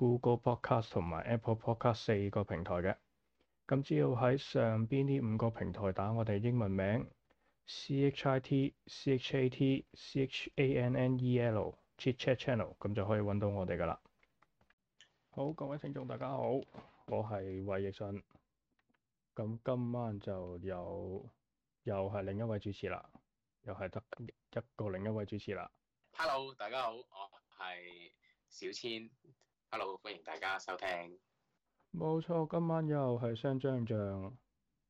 Google Podcast 同埋 Apple Podcast 四個平台嘅，咁只要喺上邊呢五個平台打我哋英文名 C H I T C H A T C H A N N E L Chit Chat Channel，咁就可以揾到我哋噶啦。好，各位聽眾大家好，我係韋奕迅，咁今晚就有又係另一位主持啦，又係得一個另一位主持啦。Hello，大家好，我係小千。Hello，歡迎大家收聽。冇錯，今晚又係雙張仗，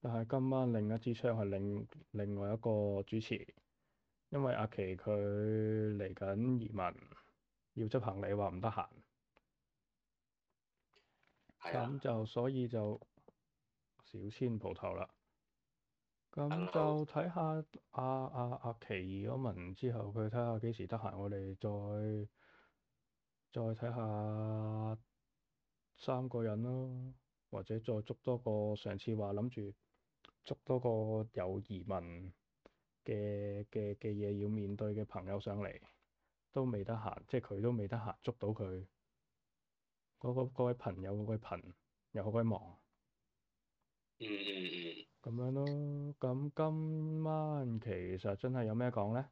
但係今晚另一支槍係另另外一個主持，因為阿奇佢嚟緊移民要執行李，話唔得閒，咁、啊、就所以就小千鋪頭啦。咁就睇下、啊 Hello. 啊啊、阿阿阿奇移咗民之後，佢睇下幾時得閒，我哋再。再睇下三個人咯，或者再捉多個。上次話諗住捉多個有移民嘅嘅嘅嘢要面對嘅朋友上嚟，都未得閒，即係佢都未得閒捉到佢嗰個嗰位朋友，嗰位朋友又好鬼忙。嗯嗯嗯，咁樣咯。咁今晚其實真係有咩講咧？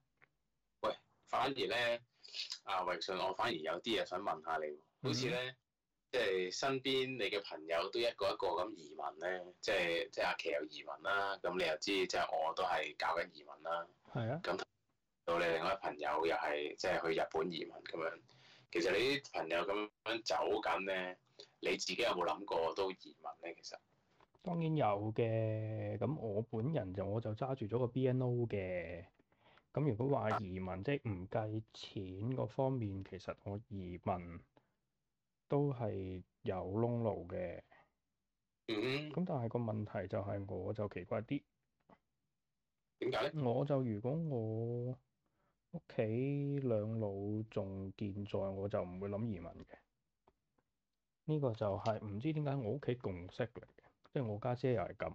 喂，反而咧～阿榮順，啊、我反而有啲嘢想問下你。好似咧，嗯、即係身邊你嘅朋友都一個一個咁移民咧，即係即係阿奇有移民啦，咁你又知，即係我都係搞緊移民啦。係啊。咁到你另外一個朋友又係即係去日本移民咁樣，其實你啲朋友咁樣走緊咧，你自己有冇諗過都移民咧？其實？當然有嘅，咁我本人就我就揸住咗個 BNO 嘅。咁如果話移民，即係唔計錢嗰方面，其實我移民都係有窿路嘅。嗯。咁但係個問題就係，我就奇怪啲，點解咧？我就如果我屋企兩老仲健在，我就唔會諗移民嘅。呢個就係唔知點解我屋企共識嚟嘅，即係我家姐又係咁。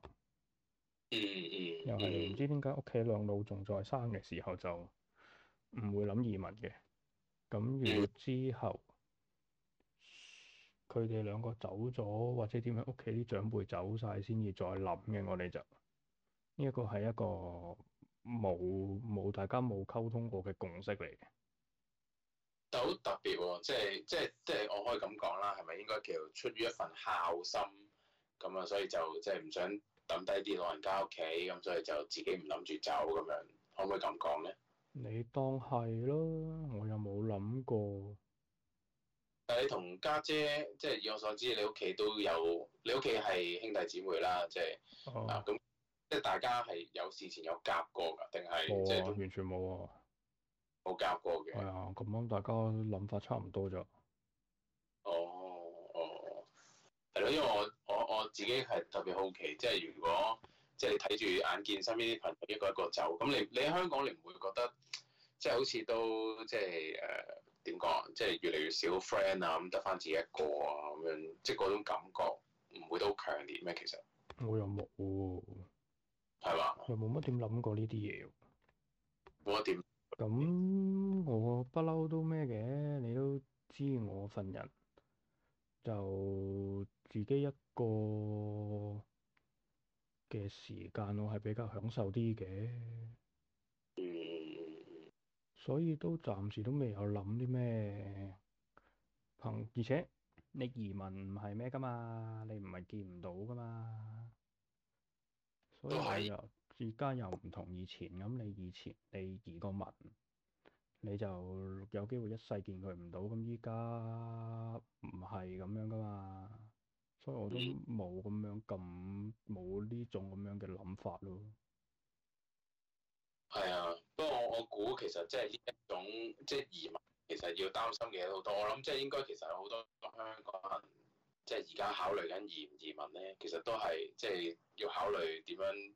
又係唔知點解屋企兩老仲在生嘅時候就唔會諗移民嘅，咁如之後佢哋兩個走咗或者點樣，屋企啲長輩走晒先至再諗嘅。我哋就呢一個係一個冇冇大家冇溝通過嘅共識嚟嘅，但好特別喎、哦，即係即係即係我可以咁講啦，係咪應該叫出於一份孝心咁啊？所以就即係唔想。抌低啲老人家屋企，咁所以就自己唔諗住走咁樣，可唔可以咁講咧？你當係咯，我又冇諗過。但，你同家姐，姐，即係以我所知，你屋企都有，你屋企係兄弟姊妹啦，即係、oh. 啊，咁即係大家係有事前有夾過㗎，定係？Oh, 即係啊，完全冇啊，冇夾過嘅。係啊，咁啱大家諗法差唔多咗。係咯，因為我我我自己係特別好奇，即係如果即係睇住眼見身邊啲朋友一個一個一個走，咁你你喺香港，你唔會覺得即係好似都即係誒點講？即係、呃、越嚟越少 friend 啊，咁得翻自己一個啊，咁樣即係嗰種感覺唔會都強烈咩？其實我又冇喎，係嘛？又冇乜點諗過呢啲嘢，冇乜點。咁我不嬲都咩嘅？你都知我份人，就自己一個嘅時間，我係比較享受啲嘅。嗯，所以都暫時都未有諗啲咩。憑，而且你移民唔係咩㗎嘛，你唔係見唔到㗎嘛。所以係，而家又唔同以前咁。那你以前你移個民，你就有機會一世見佢唔到，咁依家唔係咁樣噶嘛，所以我都冇咁樣咁冇呢種咁樣嘅諗法咯。係啊，不過我我估其實即係呢一種即係、就是、移民，其實要擔心嘅嘢好多。我諗即係應該其實有好多香港人即係而家考慮緊移唔移民咧，其實都係即係要考慮點樣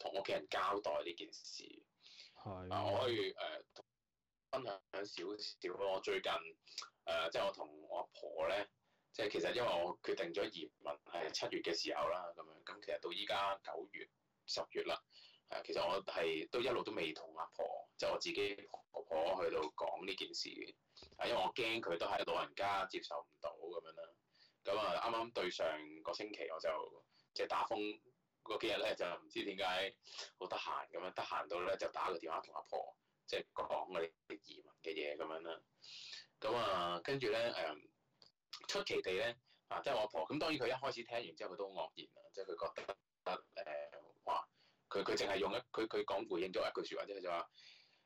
同屋企人交代呢件事。係啊，我、啊、可以誒。呃分享少少咯，我最近誒、呃，即係我同我阿婆咧，即係其實因為我決定咗移民係七月嘅時候啦，咁樣，咁其實到依家九月、十月啦，係、啊、其實我係都一路都未同阿婆，就我自己婆婆去到講呢件事，係、啊、因為我驚佢都係老人家接受唔到咁樣啦，咁啊啱啱對上個星期我就即係、就是、打風嗰幾日咧，就唔知點解好得閒咁樣，得閒到咧就打個電話同阿婆婆。即係講我哋啲移民嘅嘢咁樣啦，咁啊跟住咧誒出奇地咧啊，即係我阿婆咁，當然佢一開始聽完之後佢都愕然啊，即係佢覺得誒話佢佢淨係用一佢佢講回應咗一句説話，就是說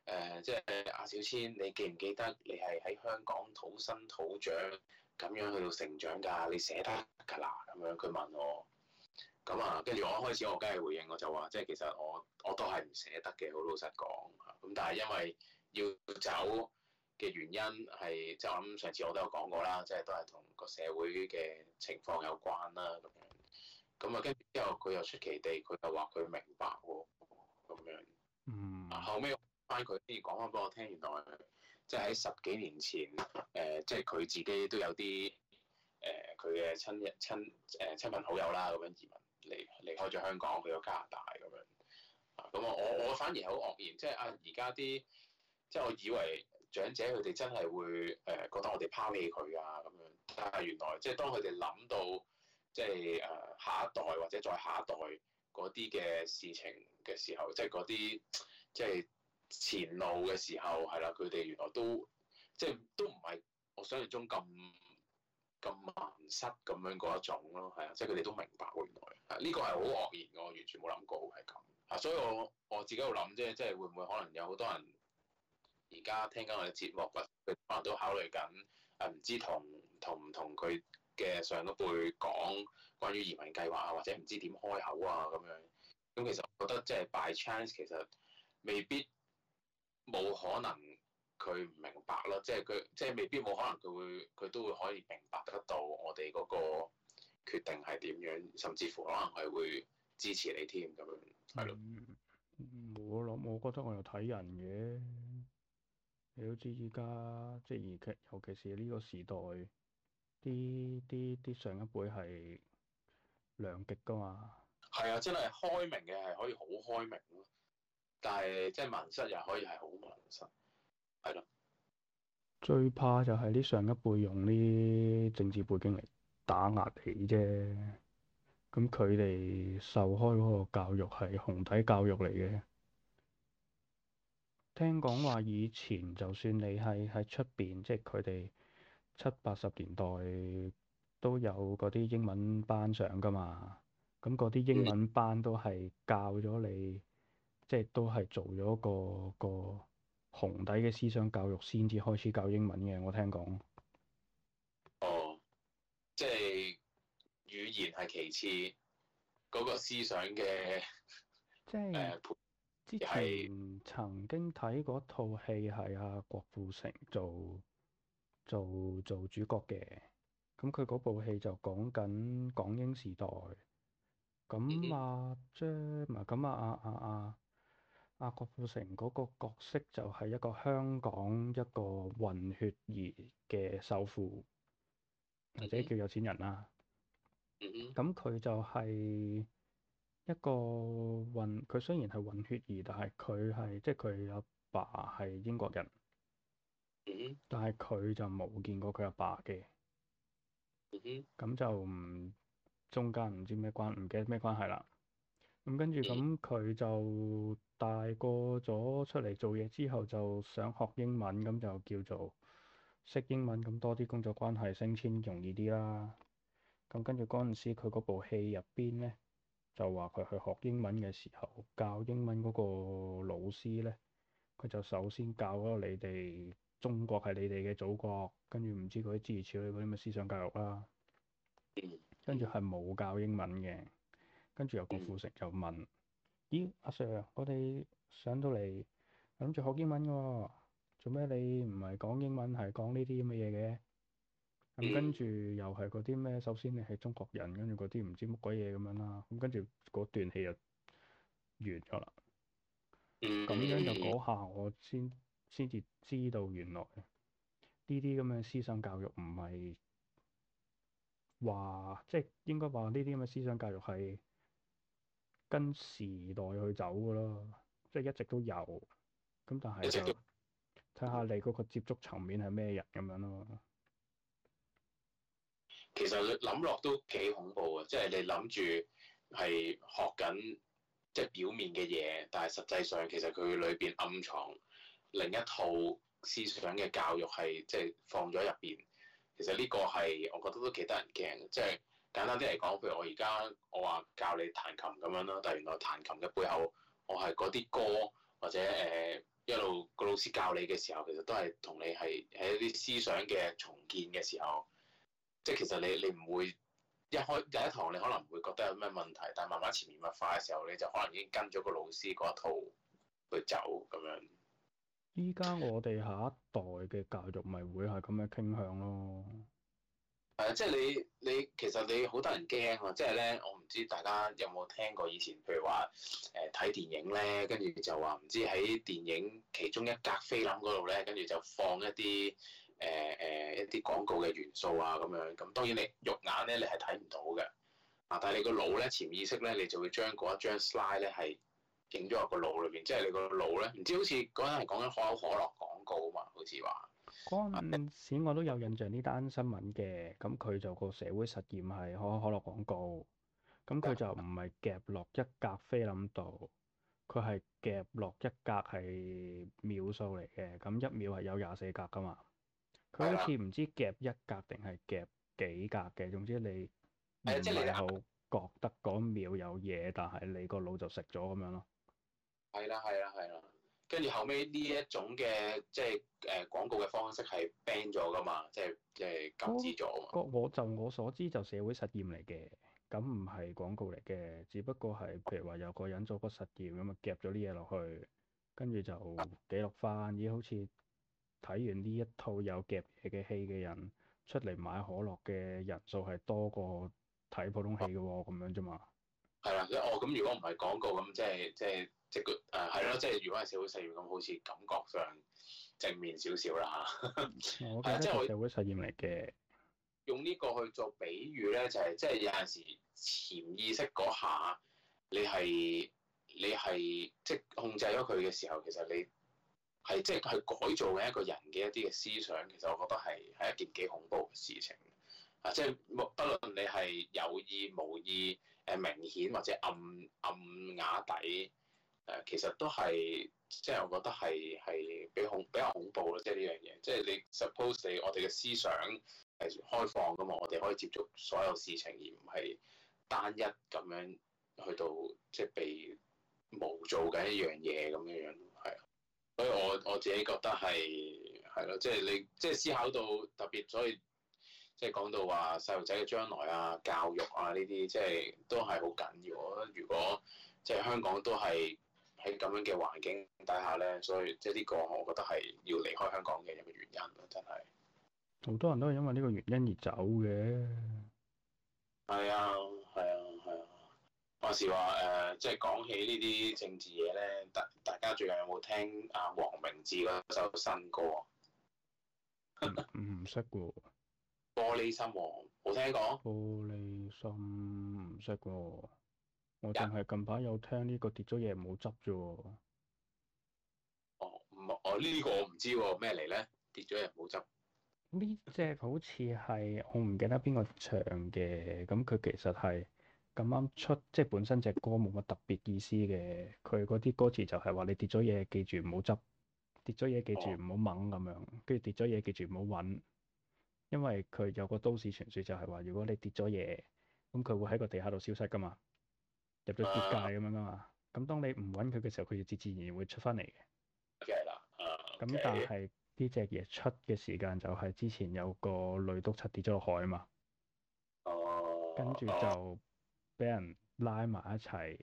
呃，即係就話誒即係阿小千，你記唔記得你係喺香港土生土長咁樣去到成長㗎，啊，你捨得㗎啦咁樣佢問我。咁啊，跟住我一開始我梗係回應，我就話，即係其實我我都係唔捨得嘅，好老實講。咁但係因為要走嘅原因係，就我諗上次我有、就是、都有講過啦，即係都係同個社會嘅情況有關啦。咁樣咁啊，跟住之後佢又出奇地佢又話佢明白喎，咁樣。嗯。後尾翻佢先講翻俾我聽，原來即係喺十幾年前，誒、呃，即係佢自己都有啲誒，佢、呃、嘅親人親誒、呃、親朋好友啦，咁樣移民。離離開咗香港，去咗加拿大咁樣，啊咁我我我反而好愕然，即係啊而家啲，即係我以為長者佢哋真係會誒、呃、覺得我哋拋棄佢啊咁樣，但係原來即係當佢哋諗到即係、啊、誒下一代或者再下一代嗰啲嘅事情嘅時候，即係嗰啲即係前路嘅時候係啦，佢哋、啊、原來都即係都唔係我想象中咁。咁迷失咁樣嗰一種咯，係啊，即係佢哋都明白喎原來，呢個係好愕然嘅，我完全冇諗過係咁啊！所以我我自己喺度諗啫，即係會唔會可能有好多人而家聽緊我哋節目，或佢可能都考慮緊，誒唔知同同唔同佢嘅上一輩講關於移民計劃啊，或者唔知點開口啊咁樣。咁、嗯、其實我覺得即係 by chance 其實未必冇可能。佢唔明白咯，即係佢即係未必冇可能佢會佢都會可以明白得到我哋嗰個決定係點樣，甚至乎可能係會支持你添咁樣係咯、嗯係嗯。我諗，我覺得我又睇人嘅。你都知而家即係而家，尤其是呢個時代，啲啲啲上一輩係兩極噶嘛。係啊，真係開明嘅係可以好開明咯，但係即係文，文室，又可以係好文室。係咯，最怕就係啲上一輩用啲政治背景嚟打壓你啫。咁佢哋受開嗰個教育係紅底教育嚟嘅。聽講話以前，就算你係喺出邊，即係佢哋七八十年代都有嗰啲英文班上噶嘛。咁嗰啲英文班都係教咗你，即係都係做咗個個。個紅底嘅思想教育先至開始教英文嘅，我聽講。哦，即係語言係其次，嗰、嗰個思想嘅。即係是、呃、之前曾經睇嗰套戲係阿郭富城做做做主角嘅。咁佢嗰部戲就講緊港英時代。咁阿張係咁阿阿阿。啊，郭富城嗰個角色就係一個香港一個混血兒嘅首富，或者叫有錢人啦、啊。咁佢、mm hmm. 就係一個混，佢雖然係混血兒，但係佢係即係佢阿爸係英國人。Mm hmm. 但係佢就冇見過佢阿爸嘅。咁、mm hmm. 就唔中間唔知咩關，唔記得咩關係啦。咁跟住咁佢就。Mm hmm. 大過咗出嚟做嘢之後，就想學英文，咁就叫做識英文，咁多啲工作關係升遷容易啲啦。咁跟住嗰陣時，佢嗰部戲入邊呢，就話佢去學英文嘅時候，教英文嗰個老師呢，佢就首先教咗你哋中國係你哋嘅祖國，跟住唔知嗰啲諸如此類嗰啲咩思想教育啦，跟住係冇教英文嘅，跟住有個副食就問。咦，阿 Sir，我哋上到嚟諗住學英文嘅喎，做咩你唔係講英文，係講呢啲咁嘅嘢嘅？咁、嗯、跟住又係嗰啲咩？首先你係中國人，跟住嗰啲唔知乜鬼嘢咁樣啦。咁跟住嗰段戲就完咗啦。咁、嗯、樣就嗰下我先先至知道，原來呢啲咁嘅思想教育唔係話，即、就、係、是、應該話呢啲咁嘅思想教育係。跟時代去走噶咯，即係一直都有，咁但係就睇下你嗰個接觸層面係咩人咁樣咯。其實諗落都幾恐怖啊，即係你諗住係學緊即係表面嘅嘢，但係實際上其實佢裏邊暗藏另一套思想嘅教育係即係放咗入邊。其實呢個係我覺得都幾得人驚，即係。簡單啲嚟講，譬如我而家我話教你彈琴咁樣啦，但係原來彈琴嘅背後，我係嗰啲歌或者誒、呃、一路個老師教你嘅時候，其實都係同你係喺一啲思想嘅重建嘅時候，即係其實你你唔會一開第一堂你可能唔會覺得有咩問題，但係慢慢潛移默化嘅時候，你就可能已經跟咗個老師嗰一套去走咁樣。依家我哋下一代嘅教育咪會係咁嘅傾向咯。係、啊、即係你你其實你好多人驚啊，即係咧，我唔知大家有冇聽過以前譬如話誒睇電影咧，跟住就話唔知喺電影其中一格菲林嗰度咧，跟住就放一啲誒誒一啲廣告嘅元素啊咁樣。咁當然你肉眼咧你係睇唔到嘅，啊！但係你個腦咧潛意識咧你就會將嗰一張 slide 咧係影咗落個腦裏邊，即係你個腦咧唔知好似嗰陣係講緊可口可樂廣告啊嘛，好似話。嗰陣時我都有印象呢單新聞嘅，咁佢就個社會實驗係可口可樂廣告，咁佢就唔係夾落一格菲林度，佢係夾落一格係秒數嚟嘅，咁一秒係有廿四格噶嘛。佢好似唔知夾一格定係夾幾格嘅，總之你唔係好覺得嗰秒有嘢，但係你個腦就食咗咁樣咯。係啦，係啦，係啦。跟住後尾呢一種嘅即係誒、呃、廣告嘅方式係 ban 咗噶嘛，即係即係禁止咗啊嘛。我就我所知就社會實驗嚟嘅，咁唔係廣告嚟嘅，只不過係譬如話有個人做個實驗咁啊，夾咗啲嘢落去，跟住就記錄翻，咦，好似睇完呢一套有夾嘢嘅戲嘅人出嚟買可樂嘅人數係多過睇普通戲嘅喎，咁、啊、樣啫嘛。係啦，哦咁、呃，如果唔係廣告咁，即係即係即個誒係咯，即係如果係社會實驗咁，好似感覺上正面少少啦吓，係 啊，即係社會實驗嚟嘅。用呢個去做比喻咧，就係、是、即係有陣時潛意識嗰下，你係你係即係控制咗佢嘅時候，其實你係即係改造嘅一個人嘅一啲嘅思想，其實我覺得係係一件幾恐怖嘅事情啊！即係不論你係有意無意。誒明顯或者暗暗瓦底誒，其實都係即係我覺得係係比恐比較恐怖咯，即係呢樣嘢，即係你 suppose 你我哋嘅思想係開放噶嘛，我哋可以接觸所有事情而唔係單一咁樣去到即係被模造緊一樣嘢咁嘅樣，係啊，所以我我自己覺得係係咯，即係你即係思考到特別，所以。即係講到話細路仔嘅將來啊、教育啊呢啲，即、就、係、是、都係好緊要。我覺得如果即係、就是、香港都係喺咁樣嘅環境底下咧，所以即係呢個我覺得係要離開香港嘅一個原因咯，啊，真係好多人都係因為呢個原因而走嘅。係啊，係啊，係啊。啊話時話誒，即、呃、係、就是、講起呢啲政治嘢咧，大大家最近有冇聽阿黃、啊、明志嗰首新歌啊？唔識喎。 玻璃心喎，冇聽過。玻璃心唔識喎，我淨係近排有聽呢個跌咗嘢唔好執啫喎。哦，唔係，哦呢個我唔知喎，咩嚟咧？跌咗嘢唔好執。呢隻好似係我唔記得邊個唱嘅，咁佢其實係咁啱出，即係本身隻歌冇乜特別意思嘅。佢嗰啲歌詞就係話你跌咗嘢記住唔好執，跌咗嘢記住唔好掹咁樣，跟住跌咗嘢記住唔好揾。因為佢有個都市傳説，就係話如果你跌咗嘢，咁佢會喺個地下度消失噶嘛，入咗結界咁樣噶嘛。咁當你唔揾佢嘅時候，佢就自自然然會出翻嚟嘅。係啦、okay。咁、uh, okay. 但係呢隻嘢出嘅時間就係之前有個女督察跌咗落海啊嘛。跟住就俾人拉埋一齊，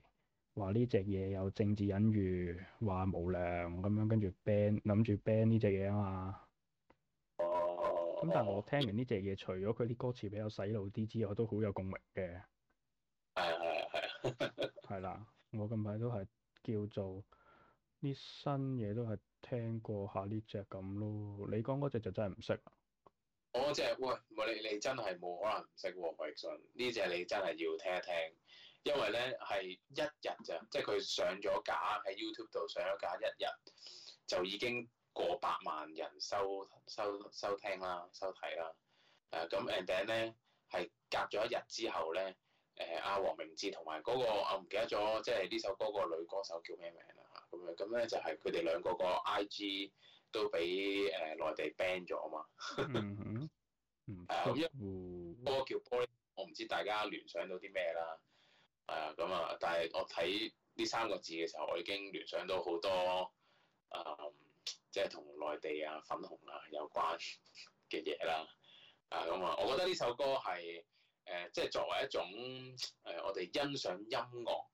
話呢隻嘢有政治隱喻，話無良咁樣，跟住 ban 諗住 ban 呢隻嘢啊嘛。咁但係我聽完呢隻嘢，除咗佢啲歌詞比較洗腦啲之外，都好有共鳴嘅。係啊係啊係啊，係啦，我近排都係叫做啲新嘢都係聽過下呢隻咁咯。你講嗰隻就真係唔識。我隻喂，你你真係冇可能唔識喎，何溢迅呢隻你真係要聽一聽，因為咧係一日咋，即係佢上咗架喺 YouTube 度上咗架一日就已經，過百萬人收收收聽啦，收睇啦。誒、uh, 咁 a n d Ben 咧係隔咗一日之後咧，誒阿黃明志同埋嗰個我唔記得咗，即係呢首歌個女歌手叫咩名啦、啊？咁樣咁咧就係佢哋兩個個 I G 都俾誒、呃、內地 ban 咗啊嘛。啊，咁因為歌叫玻璃心我唔知大家聯想到啲咩啦。啊，咁啊，但係我睇呢三個字嘅時候，我已經聯想到好多誒。Um, 即係同內地啊、粉紅啊有關嘅嘢啦，啊咁啊，我覺得呢首歌係誒、呃，即係作為一種誒、呃，我哋欣賞音樂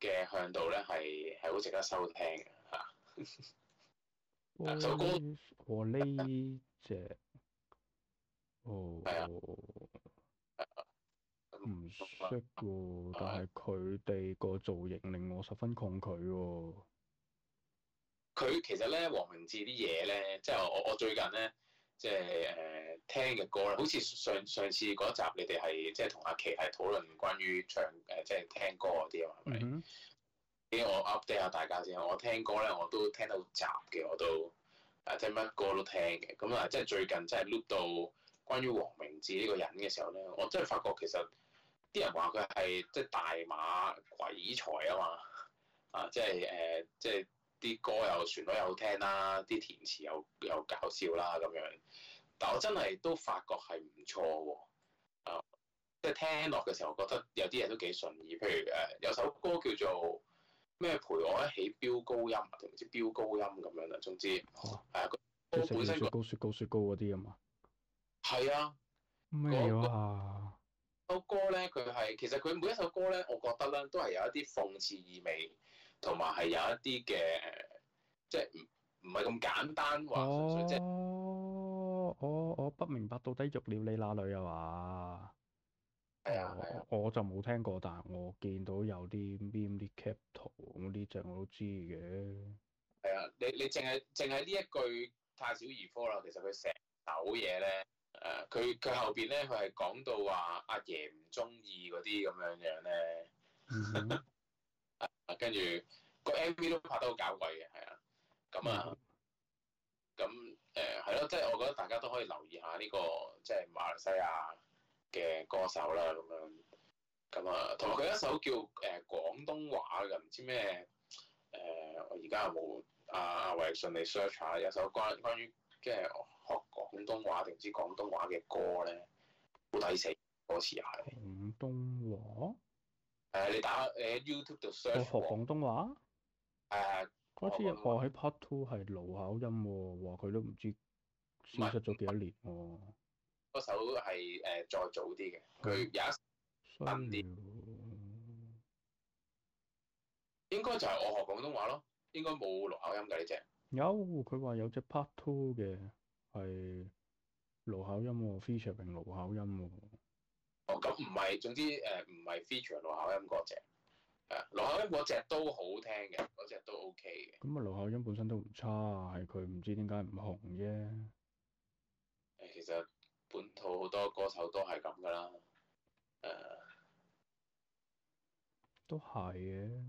嘅向度咧，係係好值得收聽嘅、啊 哦、首歌我呢隻哦唔識喎，但係佢哋個造型令我十分抗拒喎、啊。佢其實咧，黃明志啲嘢咧，即係我我最近咧，即係誒、呃、聽嘅歌啦，好似上上次嗰集你哋係即係同阿琪係討論關於唱誒、呃、即係聽歌嗰啲啊，係咪？畀、mm hmm. 我 update 下大家先。我聽歌咧，我都聽到雜嘅，我都、啊、即係乜歌都聽嘅。咁、嗯、啊，即係最近即係 loop 到關於黃明志呢個人嘅時候咧，我真係發覺其實啲人話佢係即係大馬鬼才啊嘛啊，即係誒、呃、即係。啲歌又旋律又好聽啦、啊，啲填詞又又搞笑啦咁樣。但我真係都發覺係唔錯喎，啊，呃、即係聽落嘅時候我覺得有啲嘢都幾順意。譬如誒，有首歌叫做咩陪我一起飆高音，定唔知飆高音咁樣啦。總之係啊，即本身雪高雪高雪高嗰啲啊嘛。係啊，咩嘢啊？首、那個那個、歌咧，佢係其實佢每一首歌咧，我覺得咧都係有一啲諷刺意味。同埋係有一啲嘅，即係唔唔係咁簡單話。哦、就是啊，我我不明白到底育了你乸女又話，誒、哎呀，我就冇聽過，但係我見到有啲搣啲 cap 圖，咁呢隻我都知嘅。係啊、哎，你你淨係淨係呢一句太小兒科啦。其實佢成首嘢咧，誒、呃，佢佢後邊咧，佢係講到話阿爺唔中意嗰啲咁樣樣咧。 跟住個 MV 都拍得好搞鬼嘅，係啊，咁啊，咁誒係咯，即係、呃啊就是、我覺得大家都可以留意下呢、這個即係、就是、馬來西亞嘅歌手啦，咁樣，咁啊，同埋佢一首叫誒、呃、廣東話嘅，唔知咩誒、呃，我而家有冇阿阿衛順利 search 下，有首關關於即係、就是、學廣東話定唔知廣東話嘅歌咧，好抵死歌詞又係廣東話。誒、uh, 你打你喺 YouTube 度 search、哦、學廣東話嗰次我喺 Part Two 係盧巧音喎、哦，話佢都唔知消失咗幾多年喎、哦。嗰首係誒、uh, 再早啲嘅，佢有一三年、啊、Sorry 應該就係我學廣東話咯，應該冇盧巧音㗎呢隻。這個、有佢話有隻 Part Two 嘅係盧巧音喎，Featuring 盧巧音喎、哦。咁唔係，總之誒唔、呃、係 feature 盧巧音嗰隻，誒盧巧音嗰隻都好聽嘅，嗰隻都 OK 嘅。咁啊，盧巧音本身都唔差，係佢唔知點解唔紅啫。誒，其實本土好多歌手都係咁噶啦，誒、啊、都係嘅。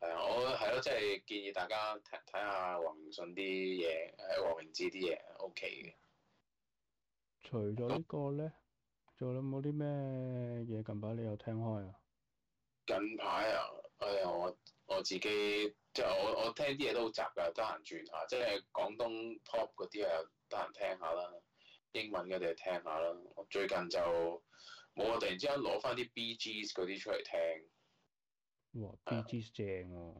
係啊，我係咯，即係建議大家睇下黃明信啲嘢，誒黃明志啲嘢 OK 嘅。除咗呢個呢。做啦，冇啲咩嘢近排你有聽開啊？近排啊，哎呀，我我自己即係我我聽啲嘢都好雜噶，得閒轉下，即係廣東 top 嗰啲啊，得閒聽下啦。英文嘅就聽下啦。我最近就冇話突然之間攞翻啲 BGS 嗰啲出嚟聽。BGS 正喎哇！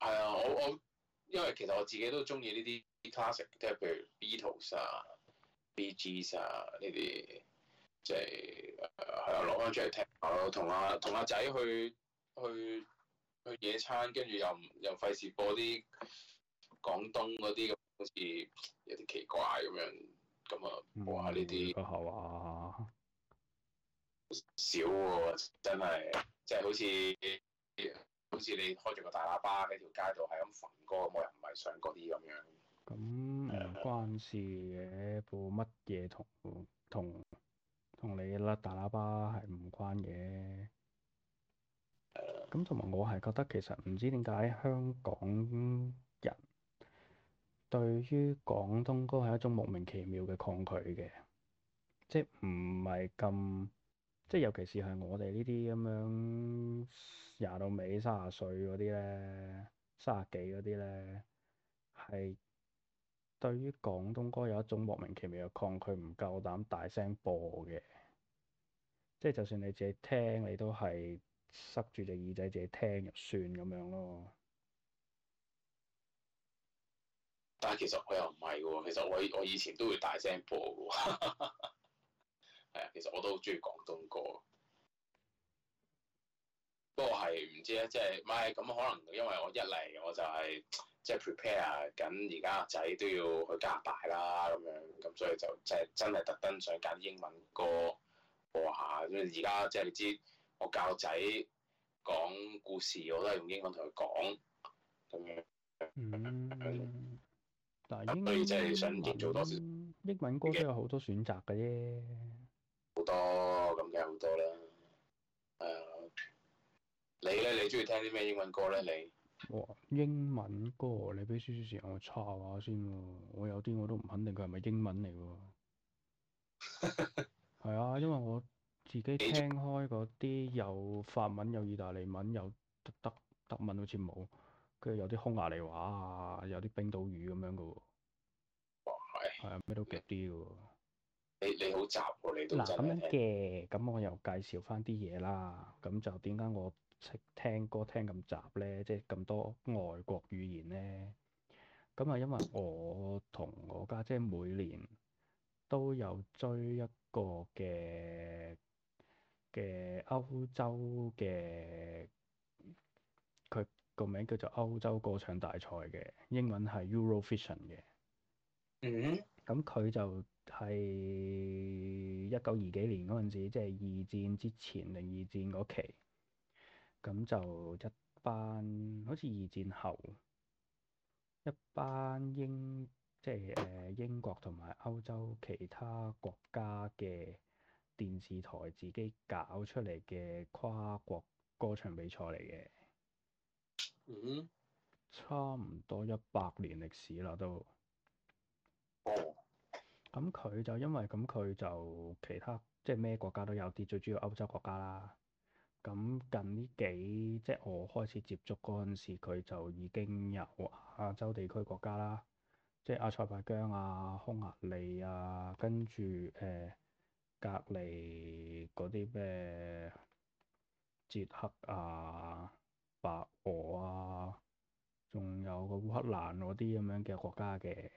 係啊，啊哎、我我因為其實我自己都中意呢啲 classic，即係譬如 Beatles 啊、BGS 啊呢啲。即係係啊，攞返出嚟聽下囉。我同阿同阿仔去去去野餐，跟住又又費事播啲廣東嗰啲咁，好似有啲奇怪咁樣。咁啊，冇下呢啲好啊，少喎真係，即係好似好似你開住個大喇叭喺條街度係咁憤歌，冇人唔係上嗰啲咁樣。咁唔、嗯、關事嘅，播乜嘢同同。同同你甩大喇叭係唔關嘅，咁同埋我係覺得其實唔知點解香港人對於廣東歌係一種莫名其妙嘅抗拒嘅，即係唔係咁，即係尤其是係我哋呢啲咁樣廿到尾三十歲嗰啲咧，三十幾嗰啲咧係。對於廣東歌有一種莫名其妙嘅抗拒，唔夠膽大聲播嘅，即係就算你自己聽，你都係塞住隻耳仔自己聽就算咁樣咯。但係其實我又唔係喎，其實我我以前都會大聲播嘅喎， 其實我都好中意廣東歌，不過係唔知咧，即係咪？咁可能因為我一嚟我就係、係。即係 prepare 啊，緊，而家仔都要去加拿大啦咁樣，咁所以就即係真係特登想揀啲英文歌播下。因為咁而家即係你知我教仔講故事，我都係用英文同佢講咁樣。嗯，嗱，英文即係想練做多少英文歌都有好多選擇嘅啫，好多咁梗係好多啦。係你咧，你中意聽啲咩英文歌咧？你？哇，英文歌你畀少少時間我插下先。我有啲我都唔肯定佢係咪英文嚟喎。係 啊，因為我自己聽開嗰啲有法文、有意大利文、有德德德文好，好似冇，跟住有啲匈牙利話的的啊，有啲冰島語咁樣噶喎。哦，係。係啊，咩都夾啲噶喎。你你好雜喎，哦，你都。嗱，咁樣嘅，咁我又介紹翻啲嘢啦，咁就點解我？識聽歌聽咁雜咧，即係咁多外國語言咧。咁啊，因為我同我家姐每年都有追一個嘅嘅歐洲嘅，佢個名叫做歐洲歌唱大賽嘅，英文係 Eurovision 嘅。嗯、mm。咁、hmm. 佢就係一九二幾年嗰陣時，即係二戰之前定二戰嗰期。咁就一班好似二戰後一班英，即係誒英國同埋歐洲其他國家嘅電視台自己搞出嚟嘅跨國歌唱比賽嚟嘅。嗯，差唔多一百年歷史啦，都。哦。咁佢就因為咁佢就其他即係咩國家都有啲，最主要歐洲國家啦。咁近呢幾即係我開始接觸嗰陣時，佢就已經有亞洲地區國家啦，即係阿塞拜疆啊、匈牙利啊，跟住誒隔籬嗰啲咩捷克啊、白俄啊，仲有個烏克蘭嗰啲咁樣嘅國家嘅。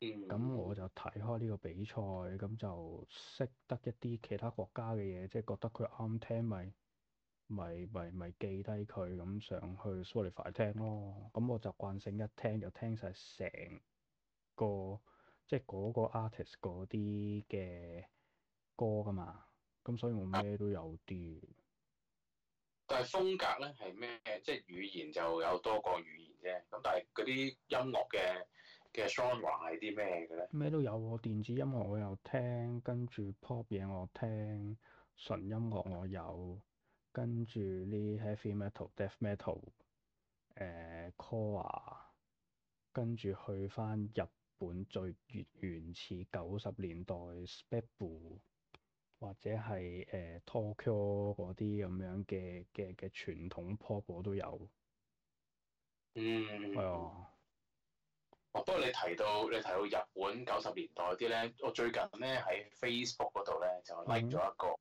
咁、嗯、我就睇開呢個比賽，咁就識得一啲其他國家嘅嘢，即係覺得佢啱聽咪。咪咪咪記低佢咁上去 Spotify 聽咯。咁我習慣性一聽就聽晒成個即係嗰個 artist 嗰啲嘅歌㗎嘛。咁所以我咩都有啲。但係風格咧係咩？即係語言就有多個語言啫。咁但係嗰啲音樂嘅嘅 genre 係啲咩嘅咧？咩都有喎，我電子音樂我有聽，跟住 pop 嘢我聽，純音樂我有。跟住呢 heavy metal、death metal、呃、誒 core，跟住去翻日本最原始九十年代 speed 步或者係誒、呃、Tokyo 嗰啲咁樣嘅嘅嘅傳統 pop 都有。嗯。係啊、哎呦。哇！不過你提到你提到日本九十年代啲咧，我最近咧喺 Facebook 嗰度咧就 l、like、咗一個、嗯。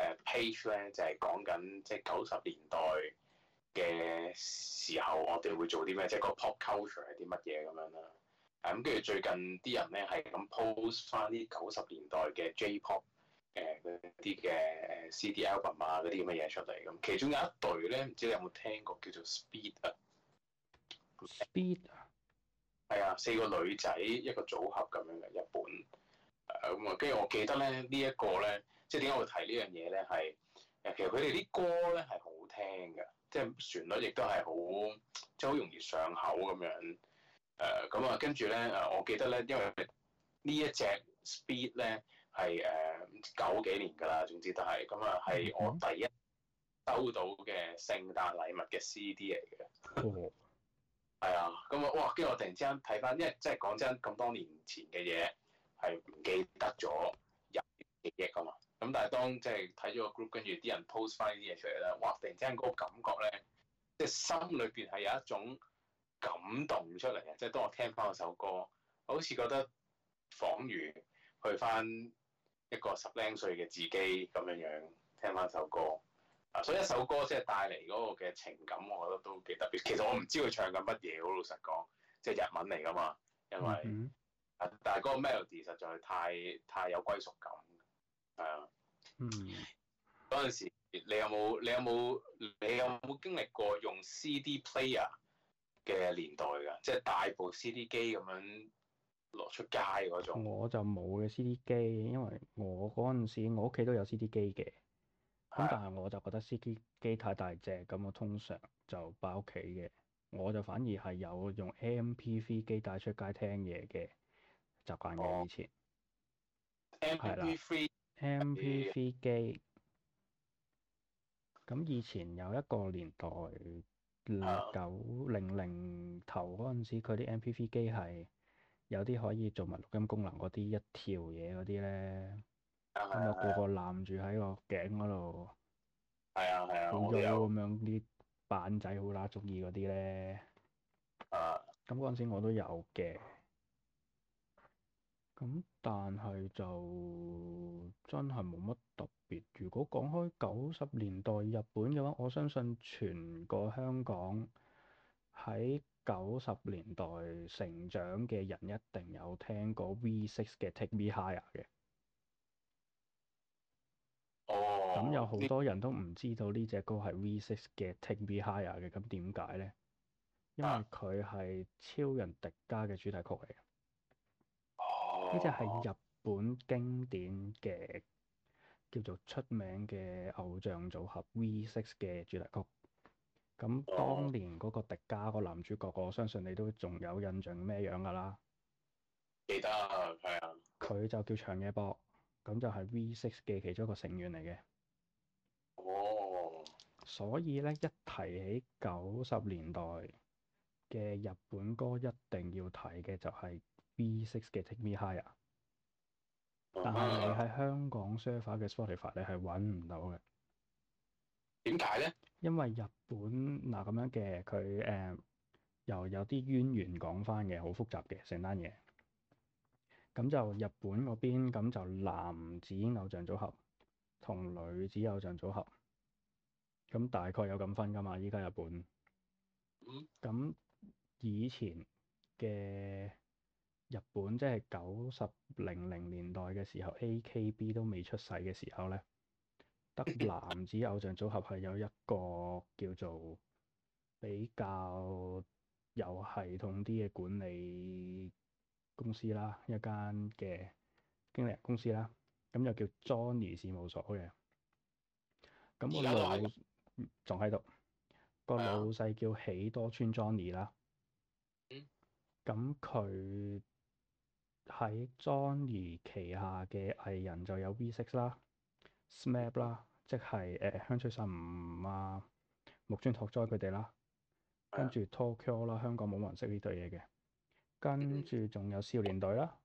誒 page 咧就係講緊即係九十年代嘅時候，我哋會做啲咩？即係個 pop culture 係啲乜嘢咁樣啦。啊咁，跟住最近啲人咧係咁 post 翻啲九十年代嘅 J-pop 誒嗰啲嘅誒 CD album 啊嗰啲咁嘅嘢出嚟咁，其中有一隊咧，唔知你有冇聽過叫做 Speed 啊？Speed 啊，係啊，四個女仔一個組合咁樣嘅日本。啊咁啊，跟住我記得咧呢一個咧。即係點解會提呢樣嘢咧？係誒，其實佢哋啲歌咧係好聽嘅，即係旋律亦都係好，即係好容易上口咁樣。誒、呃，咁、嗯、啊，跟住咧，誒，我記得咧，因為一呢一隻 Speed 咧係誒九幾年㗎啦，總之都係。咁、嗯、啊，係我第一收到嘅聖誕禮物嘅 CD 嚟嘅。係啊，咁、嗯、啊，哇！跟住我突然之間睇翻，因為即係講真，真，咁多年前嘅嘢係唔記得咗有記憶㗎嘛～咁但係當即係睇咗個 group，跟住啲人 post 翻啲嘢出嚟咧，哇！突然之間嗰個感覺咧，即係心裏邊係有一種感動出嚟嘅。即係當我聽翻嗰首歌，好似覺得仿如去翻一個十零歲嘅自己咁樣樣聽翻首歌。啊，所以一首歌即係帶嚟嗰個嘅情感，我覺得都幾特別。其實我唔知佢唱緊乜嘢，好老實講，即係日文嚟噶嘛。因為嗯嗯啊，但係嗰個 melody 實在係太太有歸屬感。係啊，嗰陣、mm. 時你有冇？你有冇？你有冇經歷過用 C D player 嘅年代㗎？即係大部 C D 機咁樣落出街嗰種？我就冇嘅 C D 機，因為我嗰陣時我屋企都有 C D 機嘅，咁的但係我就覺得 C D 機太大隻，咁我通常就擺屋企嘅。我就反而係有用 M P three 機帶出街聽嘢嘅習慣嘅、oh. 以前。M P three M P V 機，咁以前有一個年代，九零零頭嗰陣時，佢啲 M P V 機係有啲可以做埋錄音功能嗰啲一條嘢嗰啲咧，咁又、yeah, yeah , yeah. 個個攬住喺個頸嗰度，係啊係啊，好咗咁樣啲板仔好乸中意嗰啲咧，咁嗰陣時我都有嘅。咁但係就真係冇乜特別。如果講開九十年代日本嘅話，我相信全個香港喺九十年代成長嘅人一定有聽過 V6 嘅 Take Me Higher 嘅。哦。咁、oh, 有好多人都唔知道呢隻歌係 V6 嘅 Take Me Higher 嘅。咁點解呢？因為佢係超人迪加嘅主題曲嚟。呢隻係日本經典嘅叫做出名嘅偶像組合 V6 嘅主題曲。咁當年嗰個迪迦個男主角，我相信你都仲有印象咩樣㗎啦？記得，係、嗯、啊。佢、嗯、就叫長野博，咁就係 V6 嘅其中一個成員嚟嘅。哦、嗯。所以咧，一提起九十年代嘅日本歌，一定要睇嘅就係、是。B 六嘅 Take Me Higher，、啊、但係你喺香港 server 嘅 Spotify 你係揾唔到嘅。點解咧？因為日本嗱，咁樣嘅佢，誒，又有啲淵源講翻嘅，好複雜嘅成單嘢。咁就日本嗰邊咁，就男子偶像組合同女子偶像組合咁大概有咁分㗎嘛。依家日本咁、嗯、以前嘅。日本即係九十零零年代嘅時候，AKB 都未出世嘅時候咧，得男子偶像組合係有一個叫做比較有系統啲嘅管理公司啦，一間嘅經理人公司啦，咁又叫 Johnny 事務所嘅。咁、那個老仲喺度，個老細叫喜多川 Johnny 啦。嗯。咁佢。喺 Johnny 旗下嘅藝人就有 V6 啦、SMAP 啦，即係誒、呃、香取慎吾啊、木村拓哉佢哋啦，跟住 Tokyo、OK、啦，香港冇人識呢對嘢嘅。跟住仲有少年隊啦，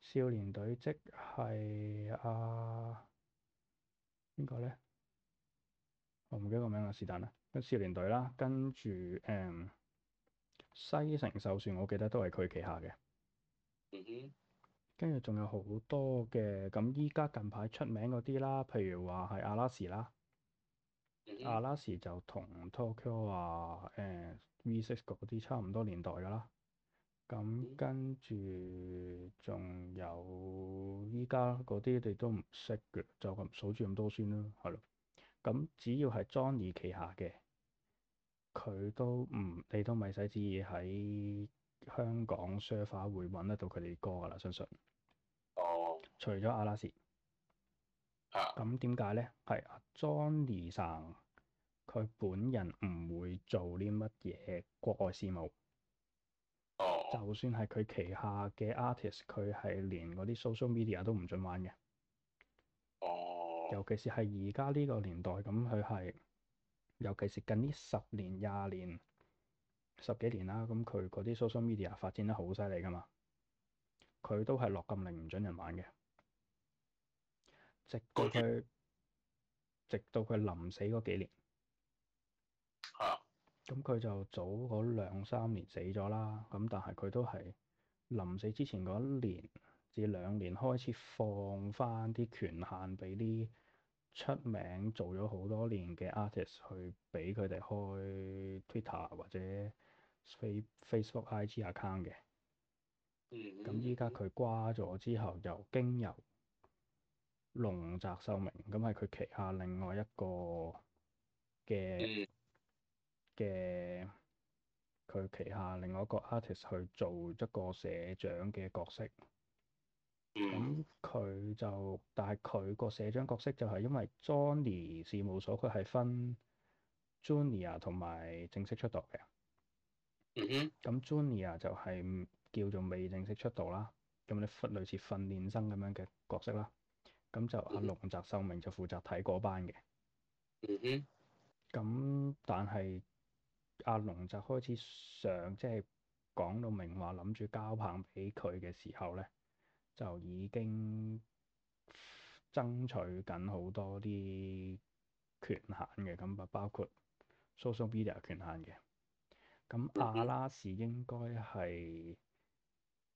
少年隊即係啊邊個咧？我唔記得個名啦，是但啦。少年隊啦，跟住誒、嗯、西城秀樹，我記得都係佢旗下嘅。跟住仲有好多嘅，咁依家近排出名嗰啲啦，譬如話係阿拉士啦，阿拉士就同 Tokyo、OK、啊、誒、呃、V6 嗰啲差唔多年代噶啦。咁跟住仲有依家嗰啲，你都唔識嘅，就咁數住咁多先啦，係咯。咁只要係 Johnny 旗下嘅，佢都唔，你都咪使旨意喺香港 share 會揾得到佢哋歌噶啦，相信。哦。除咗阿拉斯。咁點解咧？係阿 Johnny 生，佢本人唔會做啲乜嘢國外事務。哦。就算係佢旗下嘅 artist，佢係連嗰啲 social media 都唔准玩嘅。哦。尤其是係而家呢個年代，咁佢係，尤其是近呢十年廿年。十幾年啦，咁佢嗰啲 social media 發展得好犀利噶嘛，佢都係落禁令唔準人玩嘅，直到佢 Okay. 直到佢臨死嗰幾年，係咁佢就早嗰兩三年死咗啦，咁但係佢都係臨死之前嗰一年至兩年開始放翻啲權限俾啲出名做咗好多年嘅 artist 去俾佢哋開 Twitter 或者。Facebook I G account 嘅，咁依家佢瓜咗之後，就經由龍澤秀明，咁係佢旗下另外一個嘅嘅佢旗下另外一個 artist 去做一個社長嘅角色。咁佢就，但係佢個社長角色就係因為 Johnny 事務所佢係分 Junior 同埋正式出道嘅。咁 Junior 就係叫做未正式出道啦，咁你類似訓練生咁樣嘅角色啦，咁就阿龍澤秀明就負責睇嗰班嘅，嗯哼，咁 但係阿龍澤開始上即係講到明話諗住交棒俾佢嘅時候咧，就已經爭取緊好多啲權限嘅，咁啊包括 social media 權限嘅。咁阿拉士應該係誒、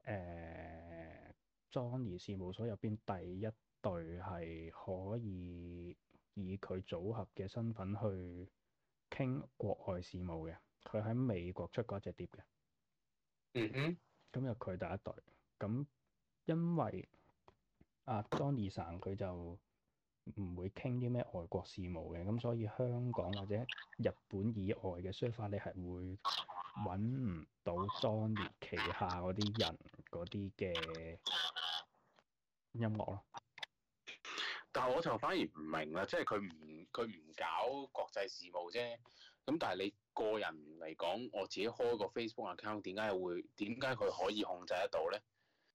呃、Johnny 事務所入邊第一隊係可以以佢組合嘅身份去傾國外事務嘅。佢喺美國出過一隻碟嘅。嗯哼，咁又佢第一隊。咁因為啊，Johnny 成佢就。唔會傾啲咩外國事務嘅，咁所以香港或者日本以外嘅商法，你係會揾唔到 Johnny 旗下嗰啲人嗰啲嘅音樂咯。但我就反而唔明啦，即係佢唔佢唔搞國際事務啫，咁但係你個人嚟講，我自己開個 Facebook account，點解會點解佢可以控制得到咧？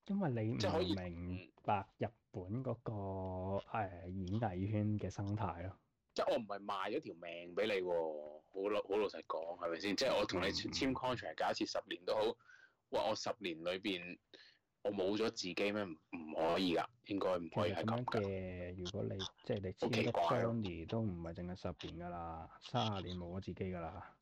因為你唔可以明白日本嗰、那個、嗯呃、演藝圈嘅生態咯、啊，即係我唔係賣咗條命俾你喎、啊，好老好老實講，係咪先？即係我同你簽 contract，假設十年都好，哇！我十年裏邊我冇咗自己咩？唔可以㗎，應該唔可以係咁嘅。如果你即係你自己張都唔係淨係十年㗎啦，卅年冇咗自己㗎啦。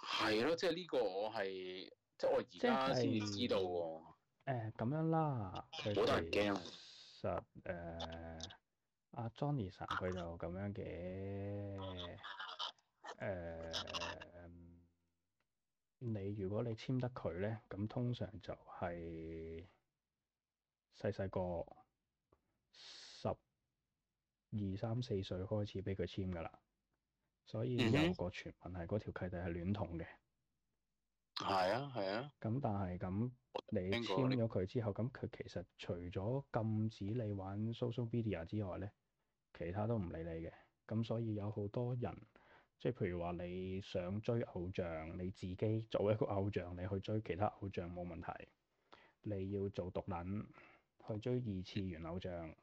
係咯，即係呢個我係。即係我而家先知道喎。咁、呃、樣啦，好多人驚。嗯、實阿、呃啊、Johnny さん佢就咁樣嘅誒、呃，你如果你簽得佢咧，咁通常就係細細個十二三四歲開始俾佢簽㗎啦，所以有個傳聞係嗰條契弟係戀童嘅。那個係啊，係啊。咁但係咁，你簽咗佢之後，咁佢其實除咗禁止你玩 social media 之外咧，其他都唔理你嘅。咁所以有好多人，即係譬如話你想追偶像，你自己做一個偶像，你去追其他偶像冇問題。你要做毒撚，去追二次元偶像，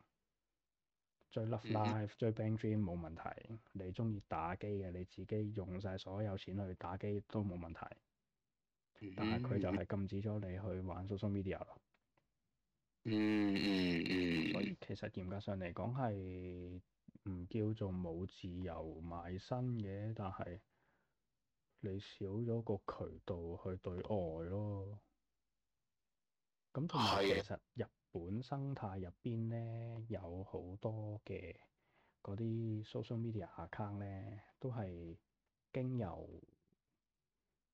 追 Love Live、嗯哼、追 BanG Dream 冇問題。你中意打機嘅，你自己用晒所有錢去打機都冇問題。嗯但係佢就係禁止咗你去玩 social media 咯。嗯嗯嗯。所以其實嚴格上嚟講係唔叫做冇自由賣身嘅，但係你少咗個渠道去對外咯。咁同埋其實日本生態入邊咧，有好多嘅嗰啲 social media account 咧，都係經由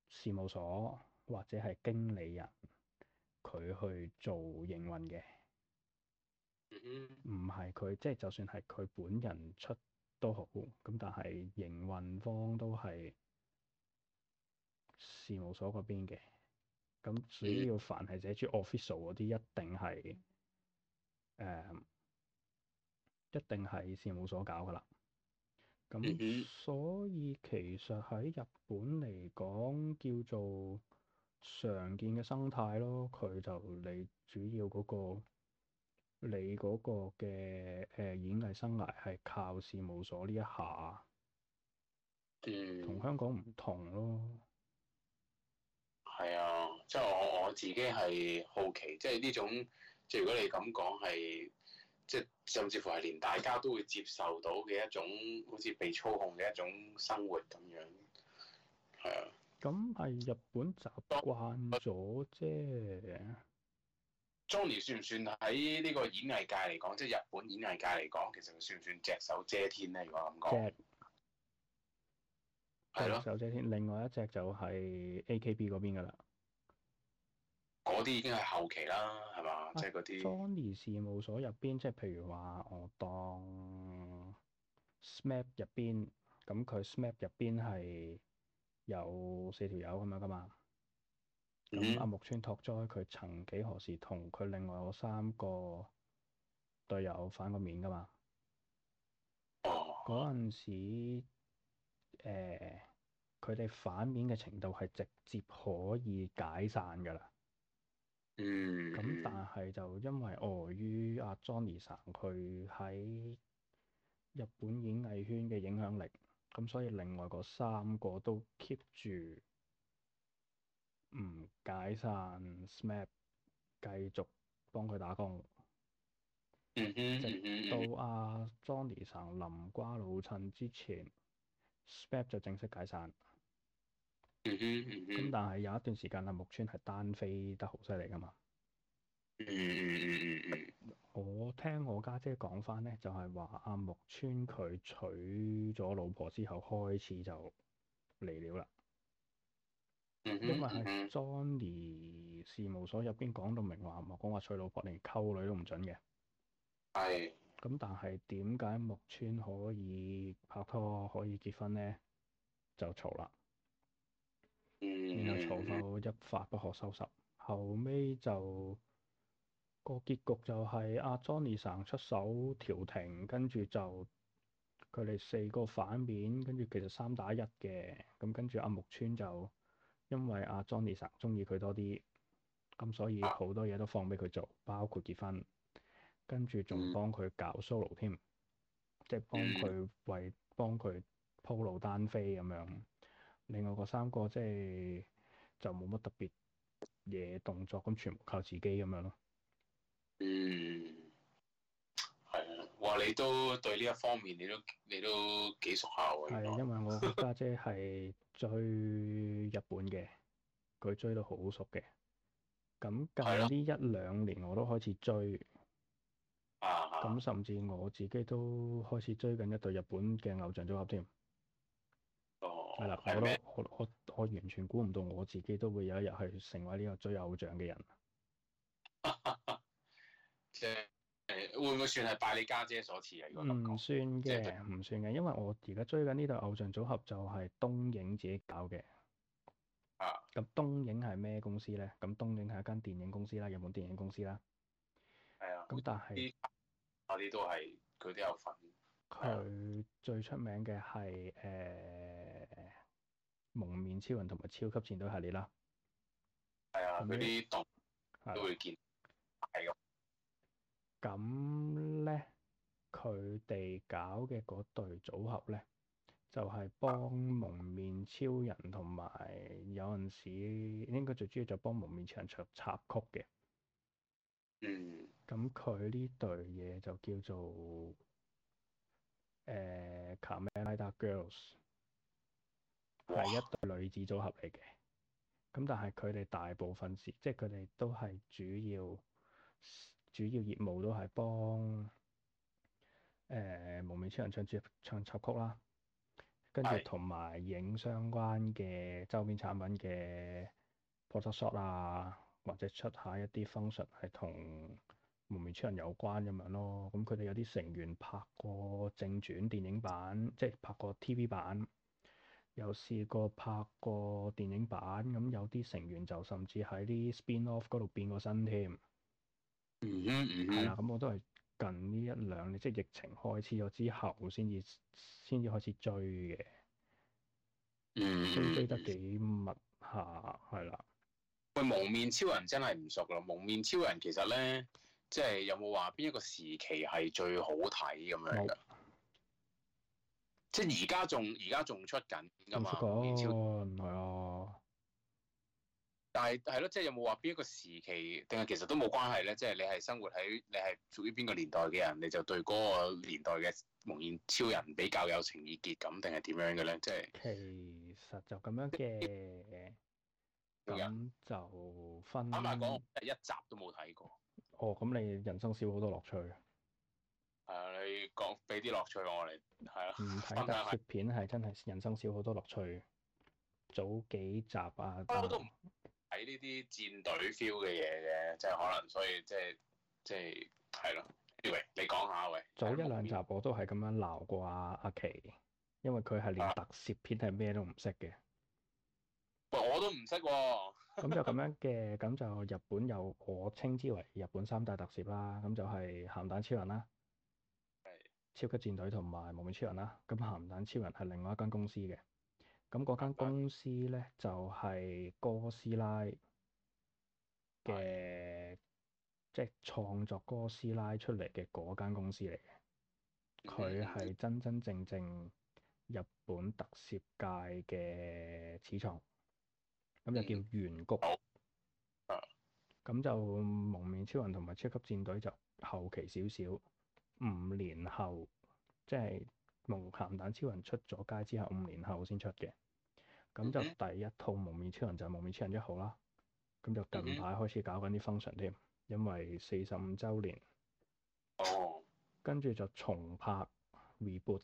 事務所。或者係經理人佢去做營運嘅，唔係佢即係就算係佢本人出都好咁，但係營運方都係事務所嗰邊嘅。咁主要凡係寫住 official 嗰啲，一定係誒、嗯，一定係事務所搞㗎啦。咁所以其實喺日本嚟講，叫做常見嘅生態咯，佢就你主要嗰，那個你嗰個嘅誒、呃、演藝生涯係靠事務所呢一下，同、嗯、香港唔同咯。係啊，即係我我自己係好奇，即係呢種即係如果你咁講係，即係甚至乎係連大家都會接受到嘅一種好似被操控嘅一種生活咁樣，係啊。咁係日本習慣咗啫。Johnny 算唔算喺呢個演藝界嚟講，即係日本演藝界嚟講，其實算唔算隻手遮天咧？Jack，如果咁講，係咯。隻手遮天。的另外一隻就係 AKB 嗰邊噶啦。嗰啲已經係後期啦，係嘛？即係啲。Johnny 事務所入邊，即係譬如話我當 SMAP 入邊，咁佢 SMAP 入邊係。有四條友咁樣噶嘛？咁阿、啊、木村拓哉佢曾幾何時同佢另外嗰三個隊友反過面噶嘛？嗰陣時，佢、呃、哋反面嘅程度係直接可以解散噶啦。嗯。咁但係就因為礙、呃、於阿、啊、Johnny さん佢喺日本演藝圈嘅影響力。咁所以另外嗰三個都 keep 住唔解散 SMAP，繼續幫佢打工，mm hmm. 直到阿、啊、Johnny 成林瓜老襯之前，SMAP 就正式解散。咁、mm hmm. 但係有一段時間阿木村係單飛得好犀利㗎嘛。Mm hmm. 我聽我家姐講翻咧，就係話阿木村佢娶咗老婆之後，開始就離了啦。因為係 Johnny 事務所入邊講到明話，唔係講話娶老婆，連溝女都唔准嘅。係。咁但係點解木村可以拍拖，可以結婚咧？就嘈啦。然後嘈到一發不可收拾，後尾就。個結局就係阿 Johnny 神出手調停，跟住就佢哋四個反面，跟住其實三打一嘅。咁跟住阿木村就因為阿 Johnny 神中意佢多啲，咁所以好多嘢都放俾佢做，包括結婚，跟住仲幫佢搞 solo 添，即係幫佢為幫佢鋪路單飛咁樣。另外嗰三個即係就冇乜特別嘢動作，咁全部靠自己咁樣咯。嗯，係啊，話，你都對呢一方面，你都你都幾熟下喎、啊。係啊，因為我家姐係追日本嘅，佢 追得好熟嘅。咁近呢一兩年，我都開始追。啊咁的甚至我自己都開始追緊一對日本嘅偶像組合添。哦，係啦，我麼我我我完全估唔到，我自己都會有一日去成為呢個追偶像嘅人。 會唔會算係拜你家姐，姐所賜啊？如果唔算嘅，唔是算嘅，因為我而家追緊呢對偶像組合就係東影自己搞嘅。咁、啊、東影係咩公司咧？咁東影係一間電影公司啦，日本電影公司啦。係啊的。咁但係嗰啲都係佢都有份。佢最出名嘅係誒蒙面超人同埋超級戰隊系列啦。係啊的！佢啲動都會見的咁咧，佢哋搞嘅嗰對組合咧，就係、是、幫蒙面超人同埋有陣時應該最主要就幫蒙面超人出插曲嘅。嗯，咁佢呢對嘢就叫做誒、呃、，Kamen Rider Girls 係一對女子組合嚟嘅。咁但係佢哋大部分時，即係佢哋都係主要。主要業務都係幫誒、呃、蒙面超人唱主唱插曲啦，跟住同埋影相關嘅周邊產品嘅 poster shot 啊，或者出下一啲 function 係同蒙面超人有關咁樣咯。咁佢哋有啲成員拍過正傳電影版，即係拍過 TV 版，有試過拍過電影版。咁、嗯、有啲成員就甚至喺啲 spin off 嗰度變過身添。嗯哼，嗯哼，係啦，咁我都係近呢一兩年，即係疫情開始咗之後，先至先至開始追嘅，嗯哼，追得幾密下，係啦。喂，蒙面超人真係唔熟咯。蒙面超人其實咧，即係有冇話邊一個時期係最好睇咁樣噶？有即係而家仲而家仲出緊噶嘛？面超人係啊。 但係係咯，即係有冇話邊一個時期定係其實都冇關係咧？即係你係生活喺你係屬於邊個年代嘅人，你就對嗰個年代嘅蒙面超人比較有情意結咁定係點樣嘅咧？即係其實就咁樣嘅，咁就分啱啱講，真一集都冇睇過。哦，咁你人生少好多樂趣。誒、啊，你講俾啲樂趣我哋。係咯，唔睇、嗯、得。片係真係人生少好多樂趣， 早幾集啊。都。喺呢啲戰隊 feel 嘅嘢嘅，即係可能，所以即係即係係咯。呢位，你講下喂。早、嗯、一兩集我都係咁樣鬧過，阿奇，因為佢係連特攝片係咩都唔識嘅。喂，我都唔識喎。咁 就咁樣嘅，咁就日本有我稱之為日本三大特攝啦。咁就係咸蛋超人啦，係，超級戰隊同埋幪面超人啦。咁咸蛋超人係另外一間公司嘅。咁嗰間公司呢，就係、是、哥斯拉嘅即、就是、創作哥斯拉出嚟嘅嗰間公司嚟嘅，佢係真真正正日本特攝界嘅始創，咁就叫圓谷。好。咁就蒙面超人同埋超級戰隊就後期少少，五年後即係。就是《無鹹蛋超人》出咗街之後五年後先出嘅，咁就第一套《蒙面超人》就係、是、蒙面超人一號啦。咁就近排開始搞緊啲 function 添，因為四十五周年。跟住就重拍 reboot。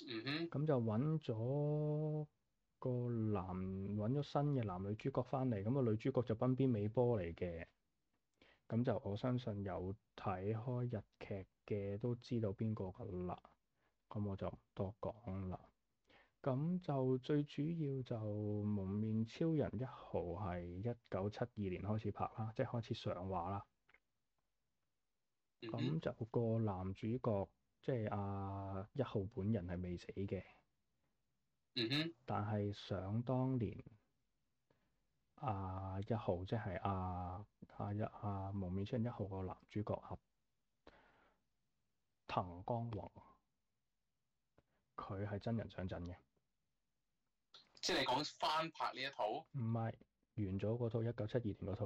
嗯 Re 咁、mm hmm. 就揾咗個男揾咗新嘅男女主角翻嚟，咁、那個女主角就濱邊美波嚟嘅。咁就我相信有睇開日劇。嘅都知道邊個噶啦，咁我就唔多講啦。咁就最主要就蒙面超人一號係一九七二年開始拍啦，即係開始上畫啦。咁、mm hmm. 就個男主角即係阿一號本人係未死嘅。Mm hmm. 但係想當年阿一、啊、號即係阿阿一阿蒙面超人一號個男主角啊。彭光煌，佢係真人上陣嘅，即係你講翻拍呢一套，唔係元祖嗰套一九七二年嗰套。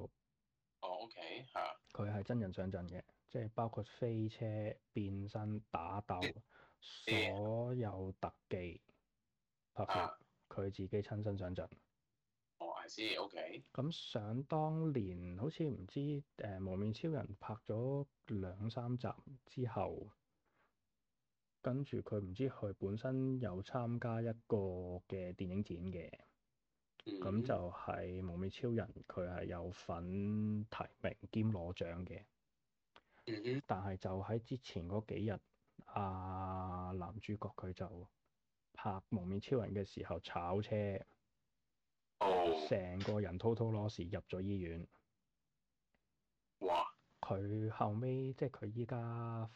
哦、oh,，OK，佢係真人上陣嘅，即係包括飛車、變身、打鬥， 所有特技拍攝，佢自己親身上陣。哦、oh,，I see，OK、okay. 嗯。咁想當年好似唔知誒，蒙面超人拍咗兩三集之後。跟住佢唔知佢本身有參加一個嘅電影展嘅，咁就係、是《蒙面超人》，佢係有份提名兼攞獎嘅。但係就喺之前嗰幾日，阿、啊、男主角佢就拍《蒙面超人》嘅時候炒車，成個人偷偷攞事入咗醫院。佢後尾，即係佢依家。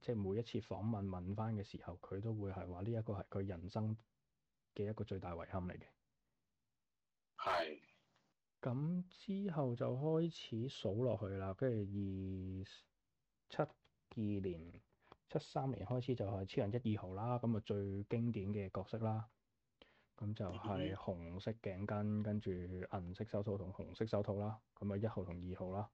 即係每一次訪問問翻嘅時候，佢都會係話呢一個係佢人生嘅一個最大遺憾嚟嘅。係是。咁之後就開始數落去啦，跟住二七二年、七三年開始就係超人一二號啦。咁啊最經典嘅角色啦，咁就係紅色頸巾，跟住銀色手套同紅色手套啦。咁啊一號同二號啦。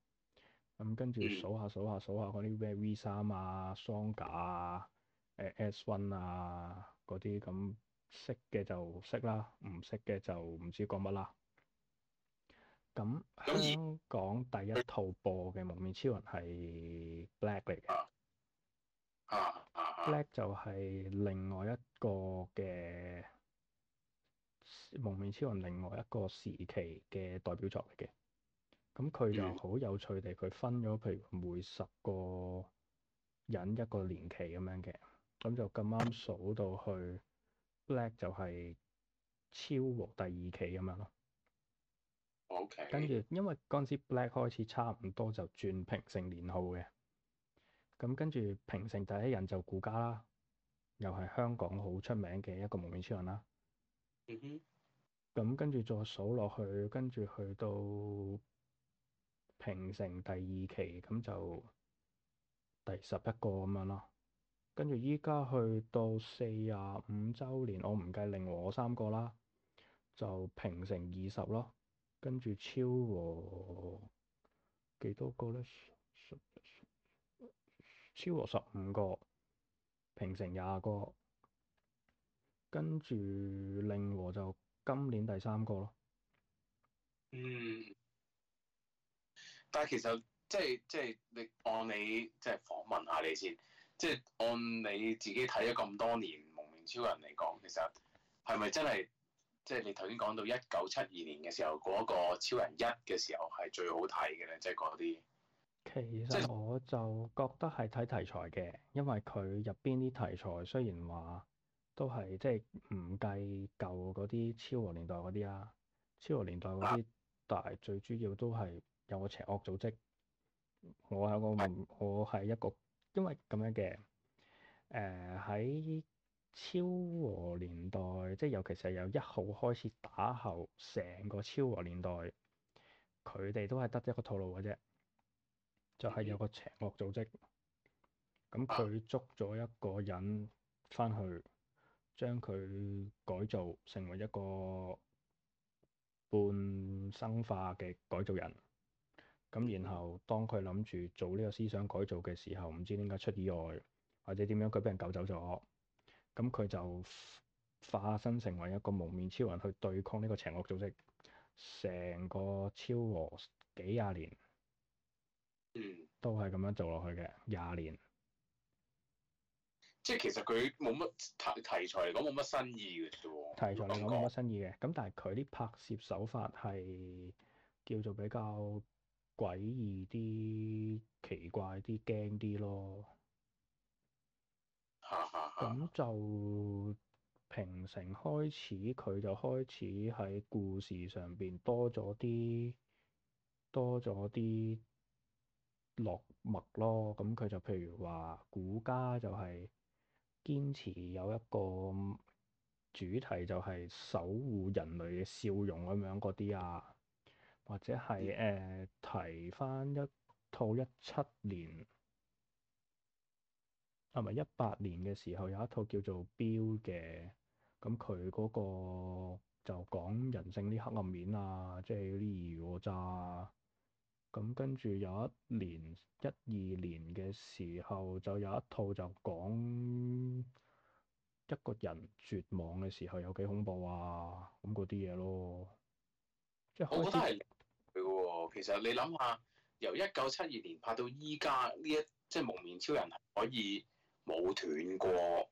咁、嗯、跟住數下數下數下嗰啲咩 V 三啊、雙架啊、S One 啊嗰啲，咁識嘅就識啦，唔識嘅就唔知講乜啦。咁香港第一套播嘅《蒙面超人》係 Black 嚟嘅，Black 就係另外一個嘅《蒙面超人》，另外一個時期嘅代表作嚟嘅。咁佢就好有趣地，佢分咗，譬如每十個人一個年期咁樣嘅，咁就咁啱數到去 Black 就係昭和第二期咁樣咯。OK。跟住，因為嗰陣時 Black 開始差唔多就轉平成年號嘅，咁跟住平成第一人就顧家啦，又係香港好出名嘅一個幪面超人啦。嗯咁、mm hmm. 跟住再數落去，跟住去到。平成第二期咁就第十一個咁樣咯，跟住而家去到四十五周年，我唔計令和三個啦，就平成二十咯，跟住昭和幾多個咧？昭和十五個，平成廿個，跟住令和就今年第三個咯。嗯。但係其實即係即係你按你即係訪問下你先，即係按你自己睇咗咁多年幪面超人嚟講，其實係咪真係即係你頭先講到一九七二年嘅時候嗰個超人一嘅時候係最好睇嘅咧？即係嗰啲其實即我就覺得係睇題材嘅，因為佢入邊啲題材雖然話都係即係唔計舊嗰啲昭和年代嗰啲啊，昭和年代嗰啲，啊、但係最主要都係。有個邪惡組織，我有個唔，我係一個，因為咁樣嘅，誒、呃、喺昭和年代，即係尤其是由一號開始打後，成個昭和年代，佢哋都係得一個套路嘅啫，就係、是、有個邪惡組織，咁佢捉咗一個人翻去，將佢改造成為一個半生化嘅改造人。咁，然後當佢諗住做呢個思想改造嘅時候，唔知點解出意外，或者點樣佢俾人救走咗，咁佢就化身成為一個蒙面超人去對抗呢個邪惡組織。成個超和幾廿年，嗯，都係咁樣做落去嘅廿年。即係其實佢冇乜題材嚟講冇乜新意嘅。啫喎，題材嚟講冇乜新意嘅。咁但係佢啲拍攝手法係叫做比較，詭異啲、奇怪啲、驚啲咯。咁就平成開始，佢就開始喺故事上邊多咗啲、多咗啲落墨咯。咁佢就譬如話古家就係堅持有一個主題，就係守護人類嘅笑容咁樣嗰啲啊。或者係誒、呃、提翻一套一七年，係咪一八年嘅時候有一套叫做《標》嘅？咁佢嗰個就講人性啲黑暗面啊，即係嗰啲二惡炸。咁跟住有一年一二年嘅時候，就有一套就講一個人絕望嘅時候有幾恐怖啊！咁嗰啲嘢咯。我覺得係嘅喎，其實你諗下，由一九七二年拍到依家呢一，即係蒙面超人可以冇斷過，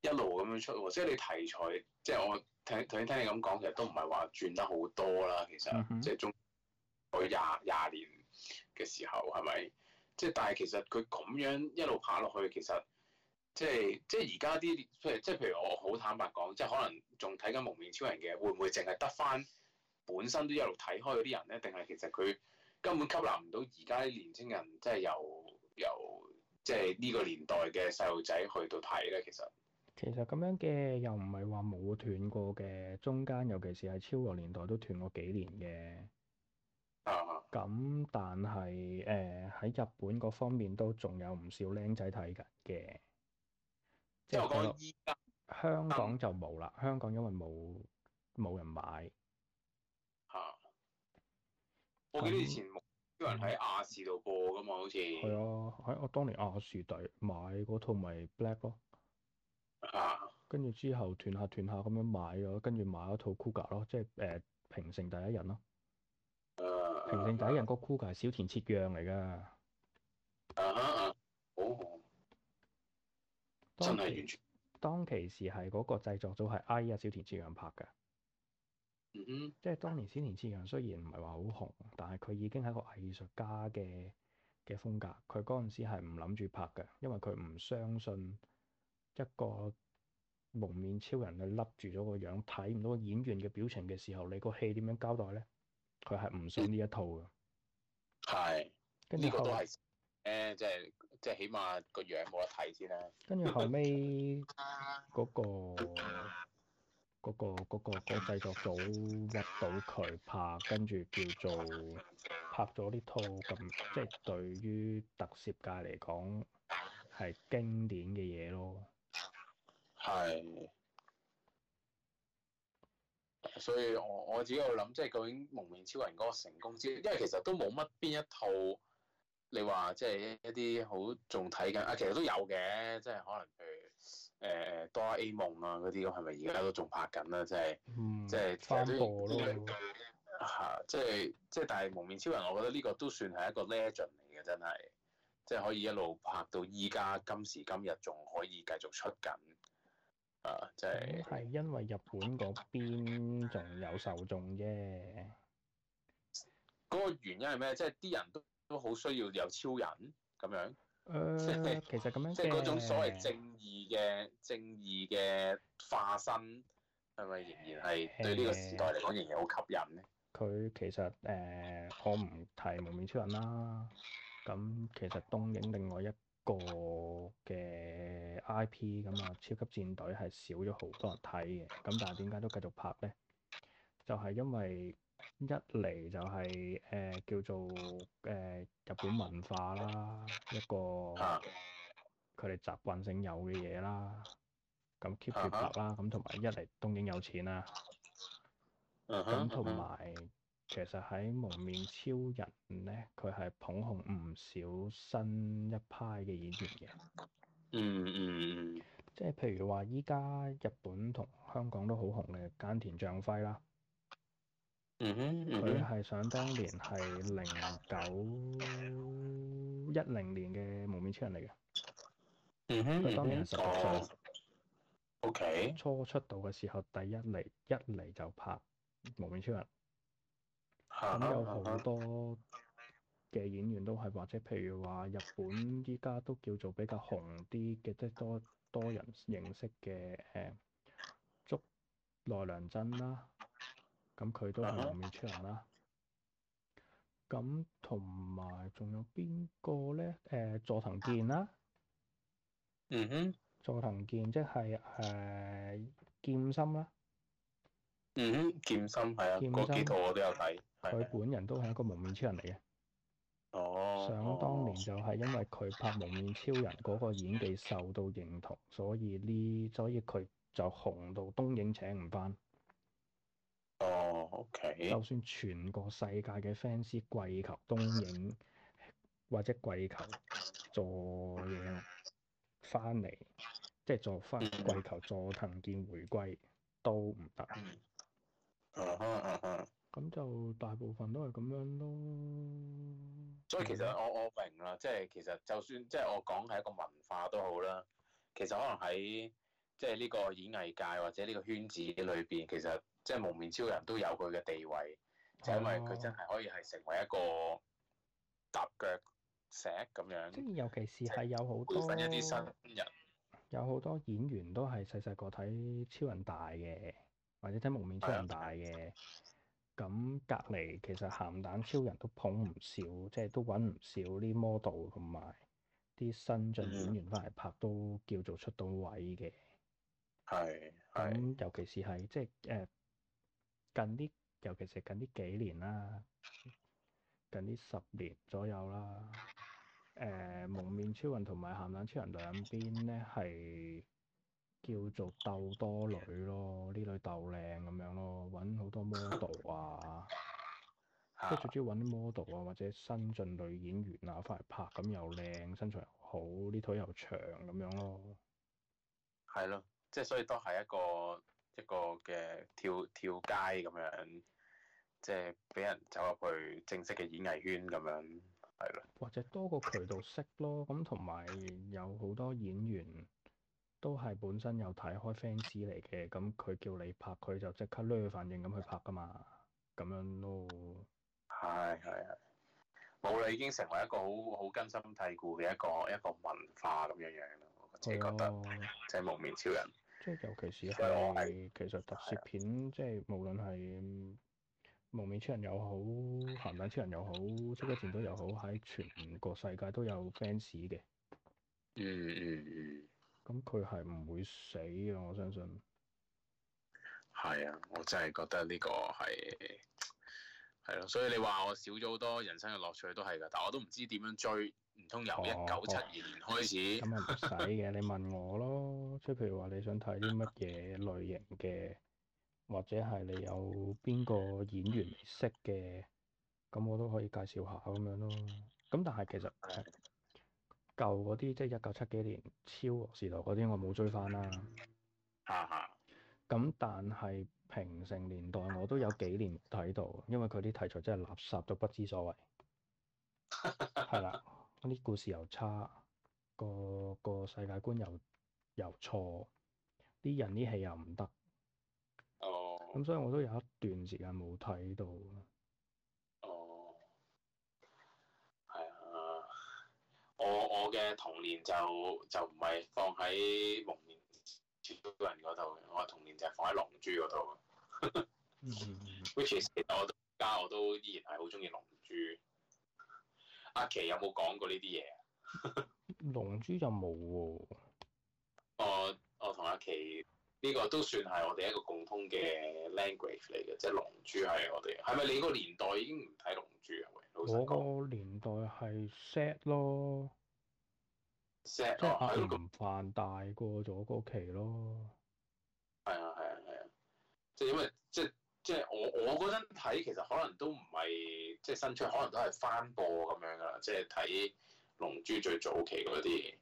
一路咁樣出喎。即係你題材，即係我聽，頭先聽你咁講，其實都唔係話轉得好多啦。其實即係、嗯、哼中喎，廿廿年嘅時候係咪？即係但係其實佢咁樣一路拍落去，其實即係即係而家啲，譬如即係譬如我好坦白講，即係可能仲睇緊蒙面超人嘅，會唔會淨係得翻？本身都一路睇開嗰啲人咧，定係其實佢根本吸納唔到而家啲年青人，即係由由即係呢個年代嘅細路仔去到睇咧？其實其實咁樣嘅，又唔係話冇斷過嘅，中間尤其是係超過年代都斷過幾年嘅。啊、uh！咁、huh. 但係誒喺日本嗰方面都仲有唔少僆仔睇緊嘅，即係講依家香港就冇啦。Uh huh. 香港因為冇冇人買。我記得以前有人喺亞視度播噶嘛，好似係啊，喺、哎、我當年亞視第買嗰套咪 Black 咯，跟住、啊、之後斷下斷下咁樣買咗，跟住買咗套 Kuga 咯，即係誒、呃、平成第一人咯。啊、平成第一人個 Kuga 係小田切讓嚟㗎。真係完全當其時係嗰個製作組係 I 啊小田切讓拍㗎。嗯，即係當年《少年智強》雖然唔係話好紅，但係佢已經係一個藝術家嘅嘅風格。佢嗰陣時係唔諗住拍嘅，因為佢唔相信一個蒙面超人去笠住咗個樣，睇唔到演員嘅表情嘅時候，你個戲點樣交代咧？佢係唔信呢一套嘅。係是，跟住後都係誒，即係即係起碼個樣冇得睇先啦。跟住後尾嗰、 嗰個。嗰個嗰個嗰製作組屈到佢拍，跟住叫做拍咗呢套咁，即係對於特攝界嚟講係經典嘅嘢咯。係，所以我我自己我諗，即係究竟《幪面超人》嗰個成功之，因為其實都冇乜邊一套你話即係一啲好仲睇緊啊，其實都有嘅，即係可能誒哆啦 A 夢啊，嗰啲咁係咪而家都仲拍緊咧？即係，即係三即係即係，但係蒙面超人，我覺得呢個都算係一個 legend 嚟嘅，真係，即係可以一路拍到依家今時今日仲可以繼續出緊。啊！即係係因為日本嗰邊仲有受眾啫。嗰 個原因係咩？即係啲人都都好需要有超人咁樣。誒、呃，其實咁樣， 即係嗰種所謂正義嘅正義嘅化身，係咪仍然係對呢個時代嚟講仍然好吸引咧？佢、呃、其實誒、呃，我唔提蒙面超人啦。咁其實東映另外一個嘅 IP 咁啊，超級戰隊係少咗好多人睇嘅。咁但係點解都繼續拍咧？就係、係、因為。一嚟就係、是、誒、呃、叫做誒、呃、日本文化啦，一個佢哋習慣性有嘅嘢啦，咁 keep 住拍啦，咁同埋一嚟東京有錢啦，咁同埋其實喺《蒙面超人》呢咧，佢係捧紅唔少新一派嘅演員嘅，嗯嗯嗯，hmm。即係譬如話依家日本同香港都好紅嘅間田將輝啦。佢係、嗯嗯、想當年係零九一零年嘅無面超人嚟嘅。佢、嗯、哼當年係十六歲。O.K.、嗯、哼初出道嘅時候，第一嚟一嚟就拍無面超人。咁、嗯嗯、有好多嘅演員都係，或者譬如話日本依家都叫做比較紅啲嘅，即係多多人認識嘅，誒、嗯，竹內良真啦、啊。咁佢都係蒙面超人啦、啊。咁同埋仲有邊個咧？誒、呃，佐藤健啦、啊。嗯哼。佐藤健即係誒劍心啦、啊。嗯哼，劍心係啊，劍心我都有睇。佢本人都係一個蒙面超人嚟嘅。哦。想當年就係因為佢拍蒙面超人嗰、哦、個演技受到認同，所以呢，所以佢就紅到東映請唔返。O Okay . K，就算全個世界嘅 fans 跪求東映或者跪求咗嘢翻嚟，即係做翻跪求咗藤健回歸都唔得。咁 就大部分都係咁樣咯。 所以其實我我明啦，即係其實就算即係我講係一個文化都好啦，其實可能喺即係呢個演藝界或者呢個圈子裏邊，其實。即係蒙面超人都有佢嘅地位，就、哦、因為佢真係可以係成為一個踏腳石咁樣。即係尤其是係有好多一啲新人，有好多演員都係細細個睇超人大嘅，或者睇蒙面超人大嘅。咁隔離其實鹹蛋超人都捧唔少，即係都揾唔少啲 model 同埋啲新進演員翻嚟拍都叫做出到位嘅。係咁的，尤其是係即係誒。呃近啲，尤其是近啲幾年啦，近啲十年左右啦。誒、呃，蒙面超人同埋鹹蛋超人兩邊咧，係叫做鬥多女咯，呢女鬥靚咁樣咯，揾好多 model 啊， 即係最主要揾 model 啊，或者新晉女演員啊，翻嚟拍咁又靚，身材又好，呢腿又長咁樣咯。係咯，即係所以都係一個。一個嘅跳跳街咁樣，即係俾人走入去正式嘅演藝圈咁樣，係咯。或者多個渠道識咯，咁同埋有好多演員都係本身有睇開 fans 嚟嘅，咁佢叫你拍佢就即刻咧，反應，咁去拍噶嘛，咁樣咯。係係啊，冇啦，理已經成為一個好好根深蒂固嘅一個一個文化咁樣樣咯，我自己覺得，的即係蒙面超人。即係尤其是係其實特攝片，啊、即係無論係蒙面超人又好，鹹、嗯、蛋超人又好，超級戰隊又好，喺全個世界都有 fans 嘅、嗯。嗯嗯嗯。咁佢係唔會死嘅，我相信。係啊，我真係覺得呢個係係咯，所以你話我少咗好多人生嘅樂趣都係㗎，但我都唔知點樣追。唔通由一九七二年開始咁啊，唔使嘅。哦、 你問我咯，即係譬如話你想睇啲乜嘢類型嘅，或者係你有邊個演員識嘅，咁我都可以介紹下咁樣咯。咁但係其實係，舊嗰啲即係一九七幾年昭和時代嗰啲，我冇追翻啦。啊咁但係平成年代我都有幾年睇到，因為佢啲題材真係垃圾到不知所謂，係啦。 啲故事又差，個個世界觀又又錯，啲人啲戲又唔得。哦。咁所以我都有一段時間冇睇到。哦。係啊，我我嘅童年就就唔係放喺《蒙面超人》嗰度嘅，我嘅童年就係放喺《龍珠》嗰 度、mm。嗯嗯。Which is 其實我而家我都依然係好中意《龍珠》。阿奇有冇講過呢啲嘢啊？ 龍珠就冇喎、啊。我我同阿奇呢個都算係我哋一個共通嘅 language 嚟嘅，即係龍珠係我哋。係咪你個年代已經唔睇龍珠啊？喂，老實講。我個年代係 Z 咯，Z 咯，飯大過咗個期咯。係啊，係啊，係啊，即係因為即。即係我我嗰陣睇，其實可能都唔係即係新出，可能都係翻播咁樣㗎啦。即係睇《龍珠》最早期嗰啲，誒、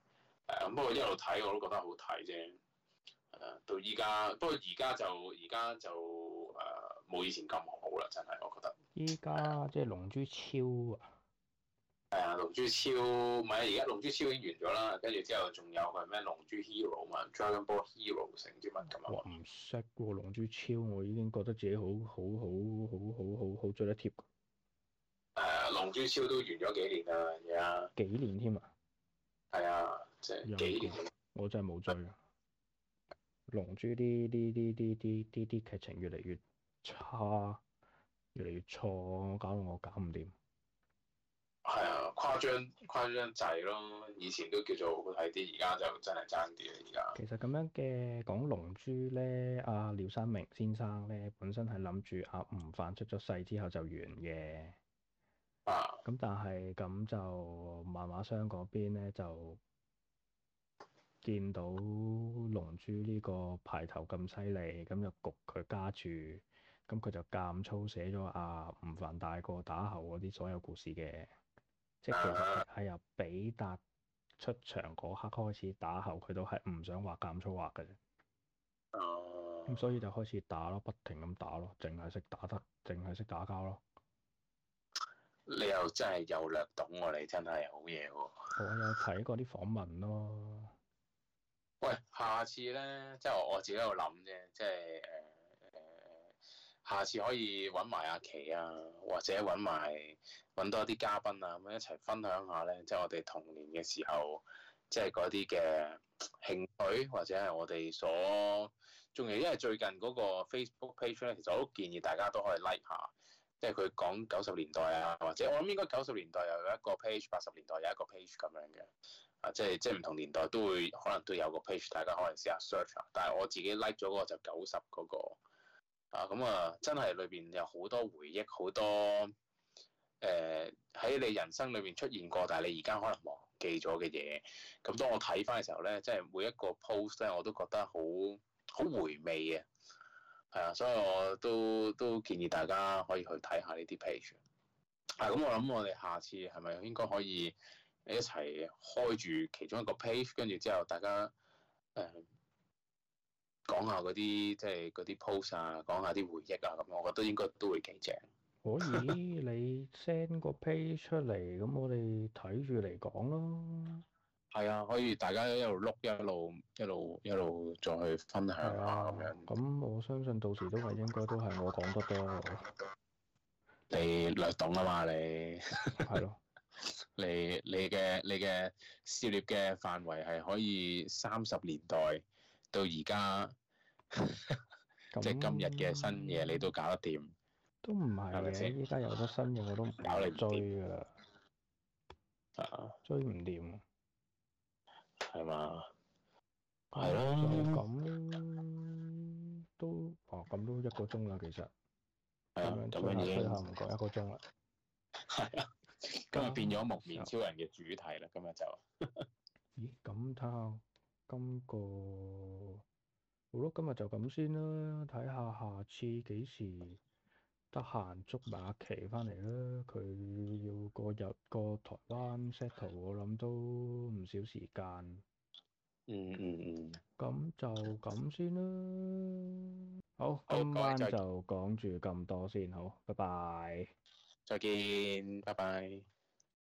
啊、咁不過一路睇我都覺得好睇啫。誒、啊、到依家，不過而家就而家就誒冇、啊、以前咁好啦，真係我覺得。依家即係《龍珠超》啊！係啊，龍珠超唔係啊，而家龍珠超已經完咗啦，跟住之後仲有個咩龍珠 hero 嘛，Dragon Ball Hero 成啲咁嘅。我唔識個龍珠超，我已經覺得自己好好好好好好好追得貼。誒，龍珠超都完咗幾年啦，而家幾年添啊？係啊，即係幾年？我真係冇追。龍珠啲啲啲啲啲啲啲劇情越嚟越差，越嚟越錯，搞到我搞唔掂。誇張，誇仔滯咯。以前都叫做好睇啲，而家就真係爭啲。而家其實咁樣嘅講龍珠咧，阿、啊、鳥山明先生咧本身係諗住阿悟飯出咗世之後就完嘅，咁、啊、但係咁就漫畫商嗰邊咧就見到龍珠呢個牌頭咁犀利，咁就焗佢加住，咁佢就間粗寫咗阿、啊、悟飯大個打後嗰啲所有故事嘅。即係其實係由比達出場嗰刻開始打後，佢都係唔想話減速滑嘅啫。咁、uh, 嗯、所以就開始打咯，不停咁打咯，淨係識打得，淨係識打交咯。你又真係又略懂我哋，真係好嘢。我有睇過啲訪問咯。喂，下次咧，即係我自己喺度諗啫，即係誒。下次可以揾埋阿琪啊，或者揾埋揾多啲嘉賓啊，咁樣一齊分享下咧，即係我哋童年嘅時候，即係嗰啲嘅興趣，或者係我哋所仲有，因為最近嗰個 Facebook page 咧，其實我都建議大家都可以 like 下，即係佢講九十年代啊，或者我諗應該九十年代有一個 page，八十年代有一個 page 咁樣嘅啊，即係即係唔同年代都會可能都有個 page，大家可能試下 search 下啊。但係我自己 like 咗個就九十嗰個。啊，咁、嗯、啊，真係裏邊有好多回憶，好多誒喺、呃、你人生裏面出現過，但係你而家可能忘記咗嘅嘢。咁、啊、當我睇返嘅時候咧，即係每一個 post 咧，我都覺得好好回味嘅，係啊，所以我都都建議大家可以去睇下呢啲 page。啊，咁、嗯、我諗我哋下次係咪應該可以一齊開住其中一個 page，跟住之後大家誒。呃講下嗰啲即係嗰啲 post 啊，講下啲回憶啊，咁我覺得應該都會幾正。 可以，你 send 個 page 出嚟，咁我哋睇住嚟講咯。係啊，可以大家一路碌，一路一路一路再去分享啊咁、啊、樣。咁、嗯、我相信到時都係應該都係我講得多。 你略懂啊嘛，你。係 咯、啊。你你嘅你嘅涉獵嘅範圍係可以三十年代。到而家， 即係今日嘅新嘢，你都搞得掂， 都唔係嘅。依家有咗新嘢，我都唔搞你唔掂啊！追唔掂，係嘛嗎？係咯、啊。咁都哦，咁都、啊啊、一個鐘啦，其實。係啊，咁樣，啊、樣已經講一個鐘啦。係 啊，今日變咗木棉超人嘅主題啦。今日就，咦？咁睇下。今個好咯，今日就咁先啦，睇下下次幾時得閒捉馬棋翻嚟啦。佢要過日過台灣 settle，我諗都唔少時間、嗯。嗯嗯嗯，咁就咁先啦。好，好今晚就講住咁多先，好，拜拜，再見，拜拜。